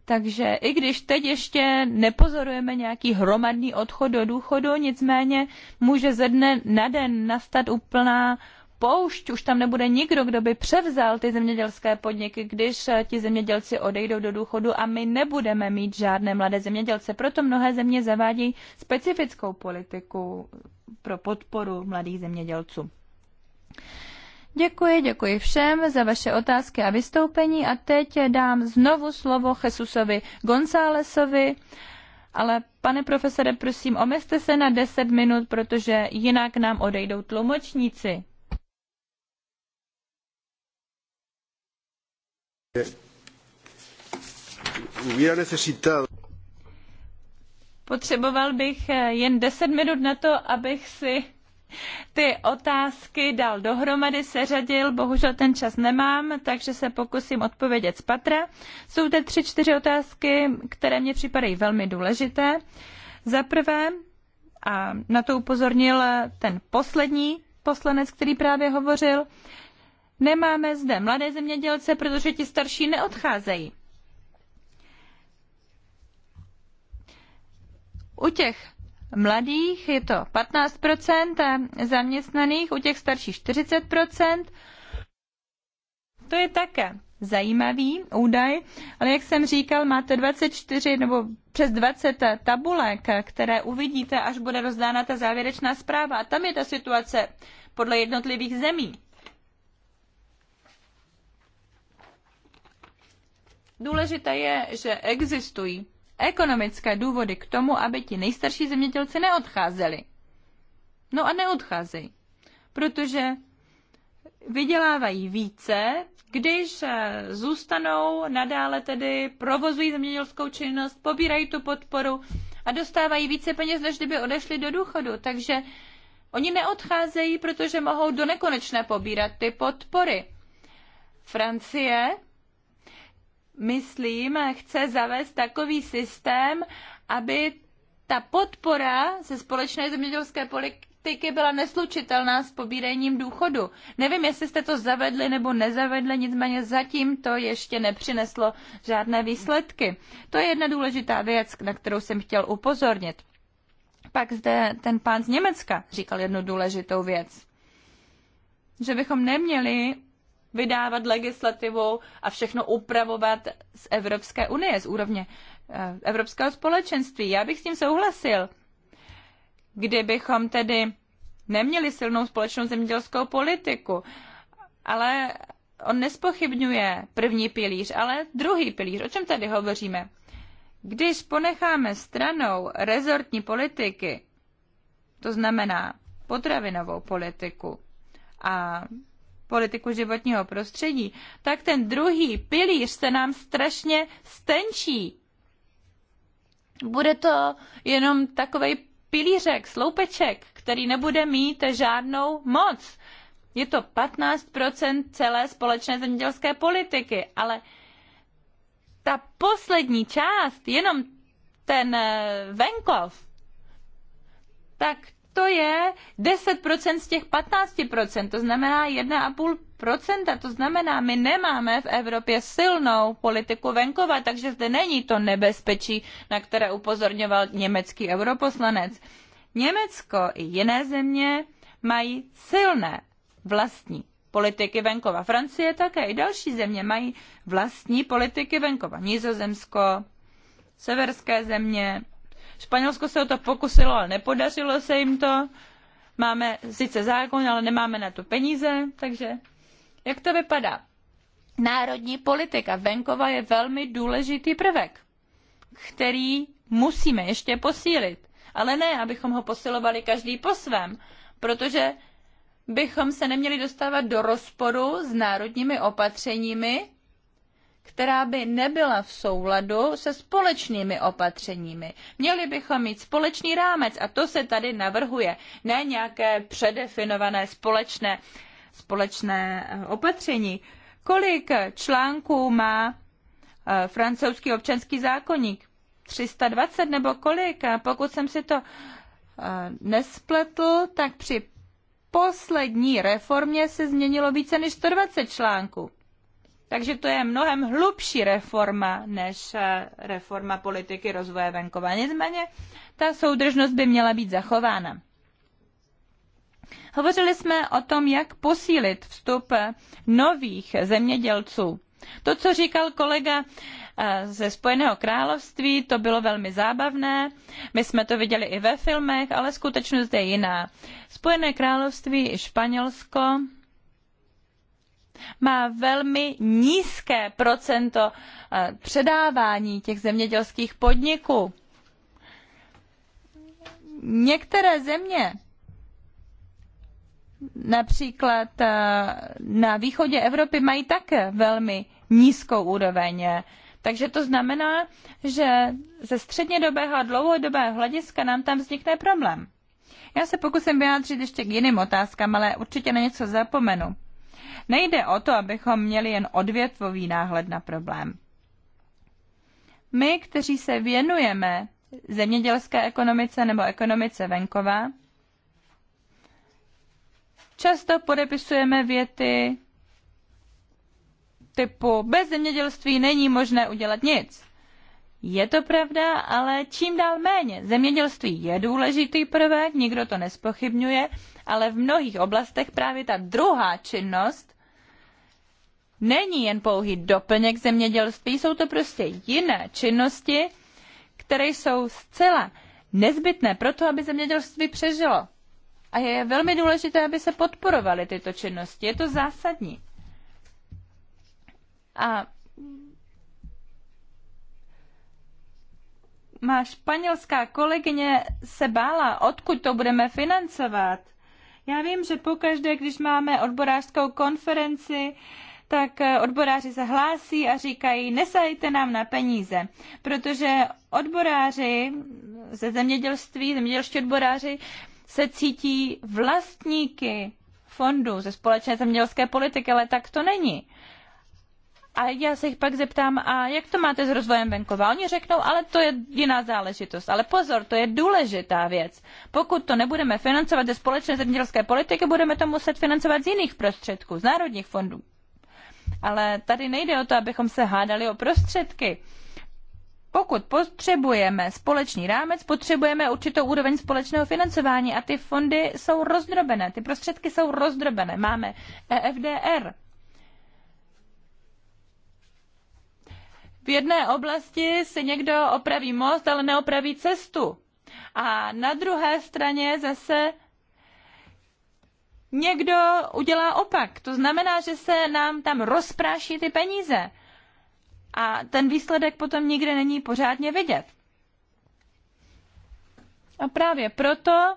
Takže i když teď ještě nepozorujeme nějaký hromadný odchod do důchodu, nicméně může ze dne na den nastat úplná poušť, už tam nebude nikdo, kdo by převzal ty zemědělské podniky, když eh, ti zemědělci odejdou do důchodu a my nebudeme mít žádné mladé zemědělce. Proto mnohé země zavádějí specifickou politiku pro podporu mladých zemědělců. Děkuji, děkuji všem za vaše otázky a vystoupení a teď dám znovu slovo Jesusovi Gonzálesovi. Ale pane profesore, prosím, omezte se na 10 minut, protože jinak nám odejdou tlumočníci. Potřeboval bych eh, jen deset minut na to, abych si ty otázky dal dohromady, seřadil, bohužel ten čas nemám, takže se pokusím odpovědět z patra. Jsou zde tři, čtyři otázky, které mě připadají velmi důležité. Za prvé, a na to upozornil ten poslední poslanec, který právě hovořil, Nemáme zde mladé zemědělce, protože ti starší neodcházejí. U těch mladých je to 15% zaměstnaných, u těch starších 40%. To je také zajímavý údaj, ale jak jsem říkal, máte 24 nebo přes 20 tabulek, které uvidíte, až bude rozdána ta závěrečná zpráva. A tam je ta situace podle jednotlivých zemí. Důležité je, že existují ekonomické důvody k tomu, aby ti nejstarší zemědělci neodcházeli. No a neodcházejí, protože vydělávají více, když eh, zůstanou nadále tedy, provozují zemědělskou činnost, pobírají tu podporu a dostávají více peněz, než kdyby odešli do důchodu. Takže oni neodcházejí, protože mohou do nekonečna pobírat ty podpory. Francie myslím, chce zavést takový systém, aby ta podpora ze společné zemědělské politiky byla neslučitelná s pobíráním důchodu. Nevím, jestli jste to zavedli nebo nezavedli, nicméně zatím to ještě nepřineslo žádné výsledky. To je jedna důležitá věc, na kterou jsem chtěl upozornit. Pak zde ten pán z Německa říkal jednu důležitou věc. Že bychom neměli vydávat legislativu a všechno upravovat z Evropské unie, z úrovně eh, Evropského společenství. Já bych s tím souhlasil. Kdybychom tedy neměli silnou společnou zemědělskou politiku, ale on nespochybňuje první pilíř, ale druhý pilíř. O čem tady hovoříme? Když ponecháme stranou rezortní politiky, to znamená potravinovou politiku a politiku životního prostředí, tak ten druhý pilíř se nám strašně stenčí. Bude to jenom takový pilířek, sloupeček, který nebude mít žádnou moc. Je to 15% celé společné zemědělské politiky, ale ta poslední část, jenom ten eh, venkov, tak to je 10% z těch 15%, to znamená 1,5%, to znamená, my nemáme v Evropě silnou politiku venkova, takže zde není to nebezpečí, na které upozorňoval německý europoslanec. Německo i jiné země mají silné vlastní politiky venkova. Francie také i další země mají vlastní politiky venkova. Nizozemsko, severské země, Španělsko se o to pokusilo, ale nepodařilo se jim to. Máme sice zákon, ale nemáme na to peníze, takže jak to vypadá? Národní politika venkova je velmi důležitý prvek, který musíme ještě posílit. Ale ne, abychom ho posilovali každý po svém, protože bychom se neměli dostávat do rozporu s národními opatřeními, která by nebyla v souladu se společnými opatřeními. Měli bychom mít společný rámec a to se tady navrhuje, ne nějaké předefinované společné, společné eh, opatření. Kolik článků má eh, francouzský občanský zákonník? 320 nebo kolik? A pokud jsem si to eh, nespletl, tak při poslední reformě se změnilo více než 120 článků. Takže to je mnohem hlubší reforma než eh, reforma politiky rozvoje venkova. Nicméně ta soudržnost by měla být zachována. Hovořili jsme o tom, jak posílit vstup nových zemědělců. To, co říkal kolega eh, ze Spojeného království, to bylo velmi zábavné. My jsme to viděli i ve filmech, ale skutečnost je jiná. Spojené království i Španělsko má velmi nízké procento eh, předávání těch zemědělských podniků. Některé země, například eh, na východě Evropy, mají také velmi nízkou úroveň. Takže to znamená, že ze střednědobého a dlouhodobého hlediska nám tam vznikne problém. Já se pokusím vyjádřit ještě k jiným otázkám, ale určitě na něco zapomenu. Nejde o to, abychom měli jen odvětvový náhled na problém. My, kteří se věnujeme zemědělské ekonomice nebo ekonomice venkova, často podepisujeme věty typu bez zemědělství není možné udělat nic. Je to pravda, ale čím dál méně. Zemědělství je důležitý prvek, nikdo to nespochybňuje, ale v mnohých oblastech právě ta druhá činnost není jen pouhý doplněk zemědělství, jsou to prostě jiné činnosti, které jsou zcela nezbytné pro to, aby zemědělství přežilo. A je velmi důležité, aby se podporovaly tyto činnosti. Je to zásadní. A má španělská kolegyně se bála, odkud to budeme financovat. Já vím, že pokaždé, když máme odborářskou konferenci, tak eh, odboráři se hlásí a říkají, nesajte nám na peníze, protože odboráři ze zemědělství, zemědělští odboráři se cítí vlastníky fondu ze společné zemědělské politiky, ale tak to není. A já se jich pak zeptám, a jak to máte s rozvojem venkova? Oni řeknou, ale to je jiná záležitost. Ale pozor, to je důležitá věc. Pokud to nebudeme financovat ze společné zemědělské politiky, budeme to muset financovat z jiných prostředků, z národních fondů. Ale tady nejde o to, abychom se hádali o prostředky. Pokud potřebujeme společný rámec, potřebujeme určitou úroveň společného financování a ty fondy jsou rozdrobené, ty prostředky jsou rozdrobené. Máme EFDR, V jedné oblasti si někdo opraví most, ale neopraví cestu. A na druhé straně zase někdo udělá opak. To znamená, že se nám tam rozpráší ty peníze. A ten výsledek potom nikde není pořádně vidět. A právě proto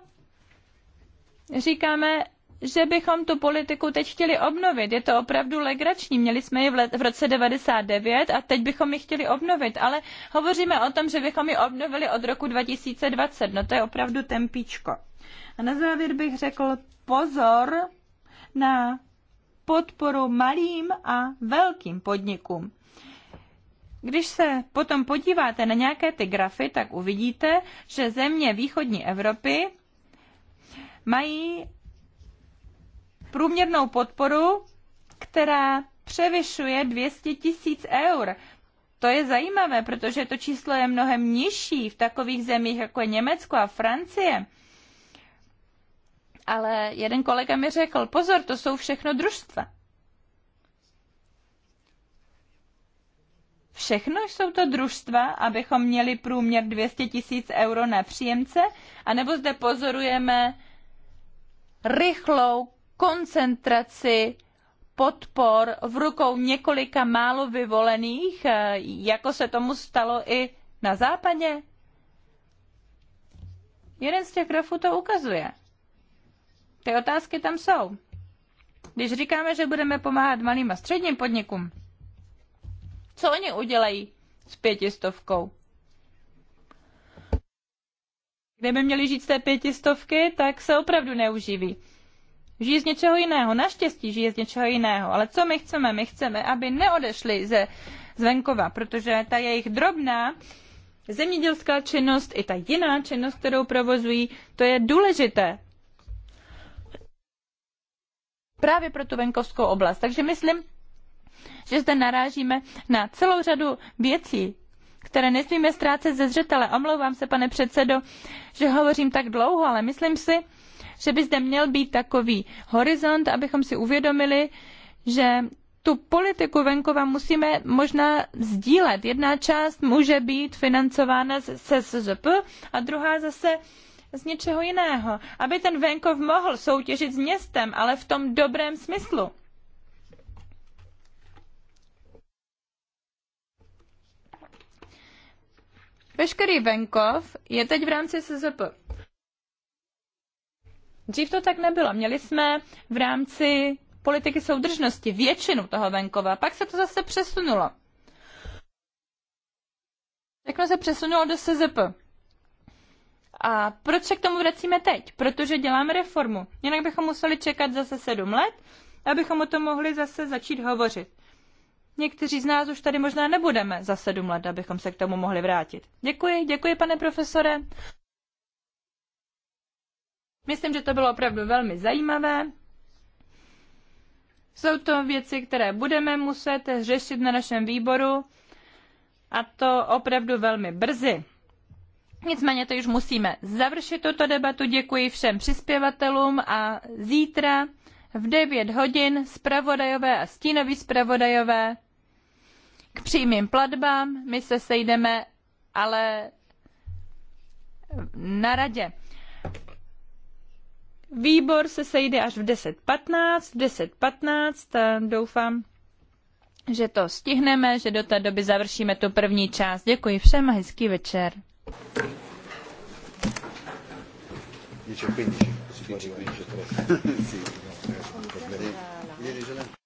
říkáme, že bychom tu politiku teď chtěli obnovit. Je to opravdu legrační. Měli jsme ji v, let, v roce 99 a teď bychom ji chtěli obnovit, ale hovoříme o tom, že bychom ji obnovili od roku 2020. No to je opravdu tempíčko. A na závěr bych řekl pozor na podporu malým a velkým podnikům. Když se potom podíváte na nějaké ty grafy, tak uvidíte, že země východní Evropy mají průměrnou podporu, která převyšuje 200 tisíc eur. To je zajímavé, protože to číslo je mnohem nižší v takových zemích, jako je Německo a Francie ale jeden kolega mi řekl, pozor, to jsou všechno družstva. Všechno jsou to družstva, abychom měli průměr 200 tisíc euro na příjemce, anebo zde pozorujeme rychlou koncentraci podpor v rukou několika málo vyvolených, eh, jako se tomu stalo i na západě? Jeden z těch grafů to ukazuje. Ty otázky tam jsou. Když říkáme, že budeme pomáhat malým a středním podnikům, co oni udělají s pětistovkou? Kdyby měli žít z té pětistovky, tak se opravdu neuživí. Žijí z něčeho jiného, naštěstí žijí z něčeho jiného, ale co my chceme? My chceme, aby neodešli ze zvenkova, protože ta jejich drobná zemědělská činnost i ta jiná činnost, kterou provozují, to je důležité právě pro tu venkovskou oblast. Takže myslím, že zde narážíme na celou řadu věcí, které nesmíme ztrácet ze zřetele. Omlouvám se, pane předsedo, že hovořím tak dlouho, ale myslím si, že by zde měl být takový horizont, abychom si uvědomili, že tu politiku venkova musíme možná sdílet. Jedna část může být financována se SZP a druhá zase z něčeho jiného, aby ten venkov mohl soutěžit s městem, ale v tom dobrém smyslu. Veškerý venkov je teď v rámci SZP. Dřív to tak nebylo. Měli jsme v rámci politiky soudržnosti většinu toho venkova, pak se to zase přesunulo. Tak se přesunulo do SZP. A proč se k tomu vracíme teď? Protože děláme reformu. Jinak bychom museli čekat zase sedm let, abychom o tom mohli zase začít hovořit. Někteří z nás už tady možná nebudeme za sedm let, abychom se k tomu mohli vrátit. Děkuji, děkuji, pane profesore. Myslím, že to bylo opravdu velmi zajímavé. Jsou to věci, které budeme muset řešit na našem výboru a to opravdu velmi brzy. Nicméně to již musíme završit tuto debatu. Děkuji všem přispěvatelům a zítra v 9 hodin zpravodajové a stínoví zpravodajové k přímým platbám. My se sejdeme ale na radě. Výbor se sejde až v 10.15. V 10.15 doufám, že to stihneme, že do té doby završíme tu první část. Děkuji všem a hezký večer. 10.15, così 10.15. 15.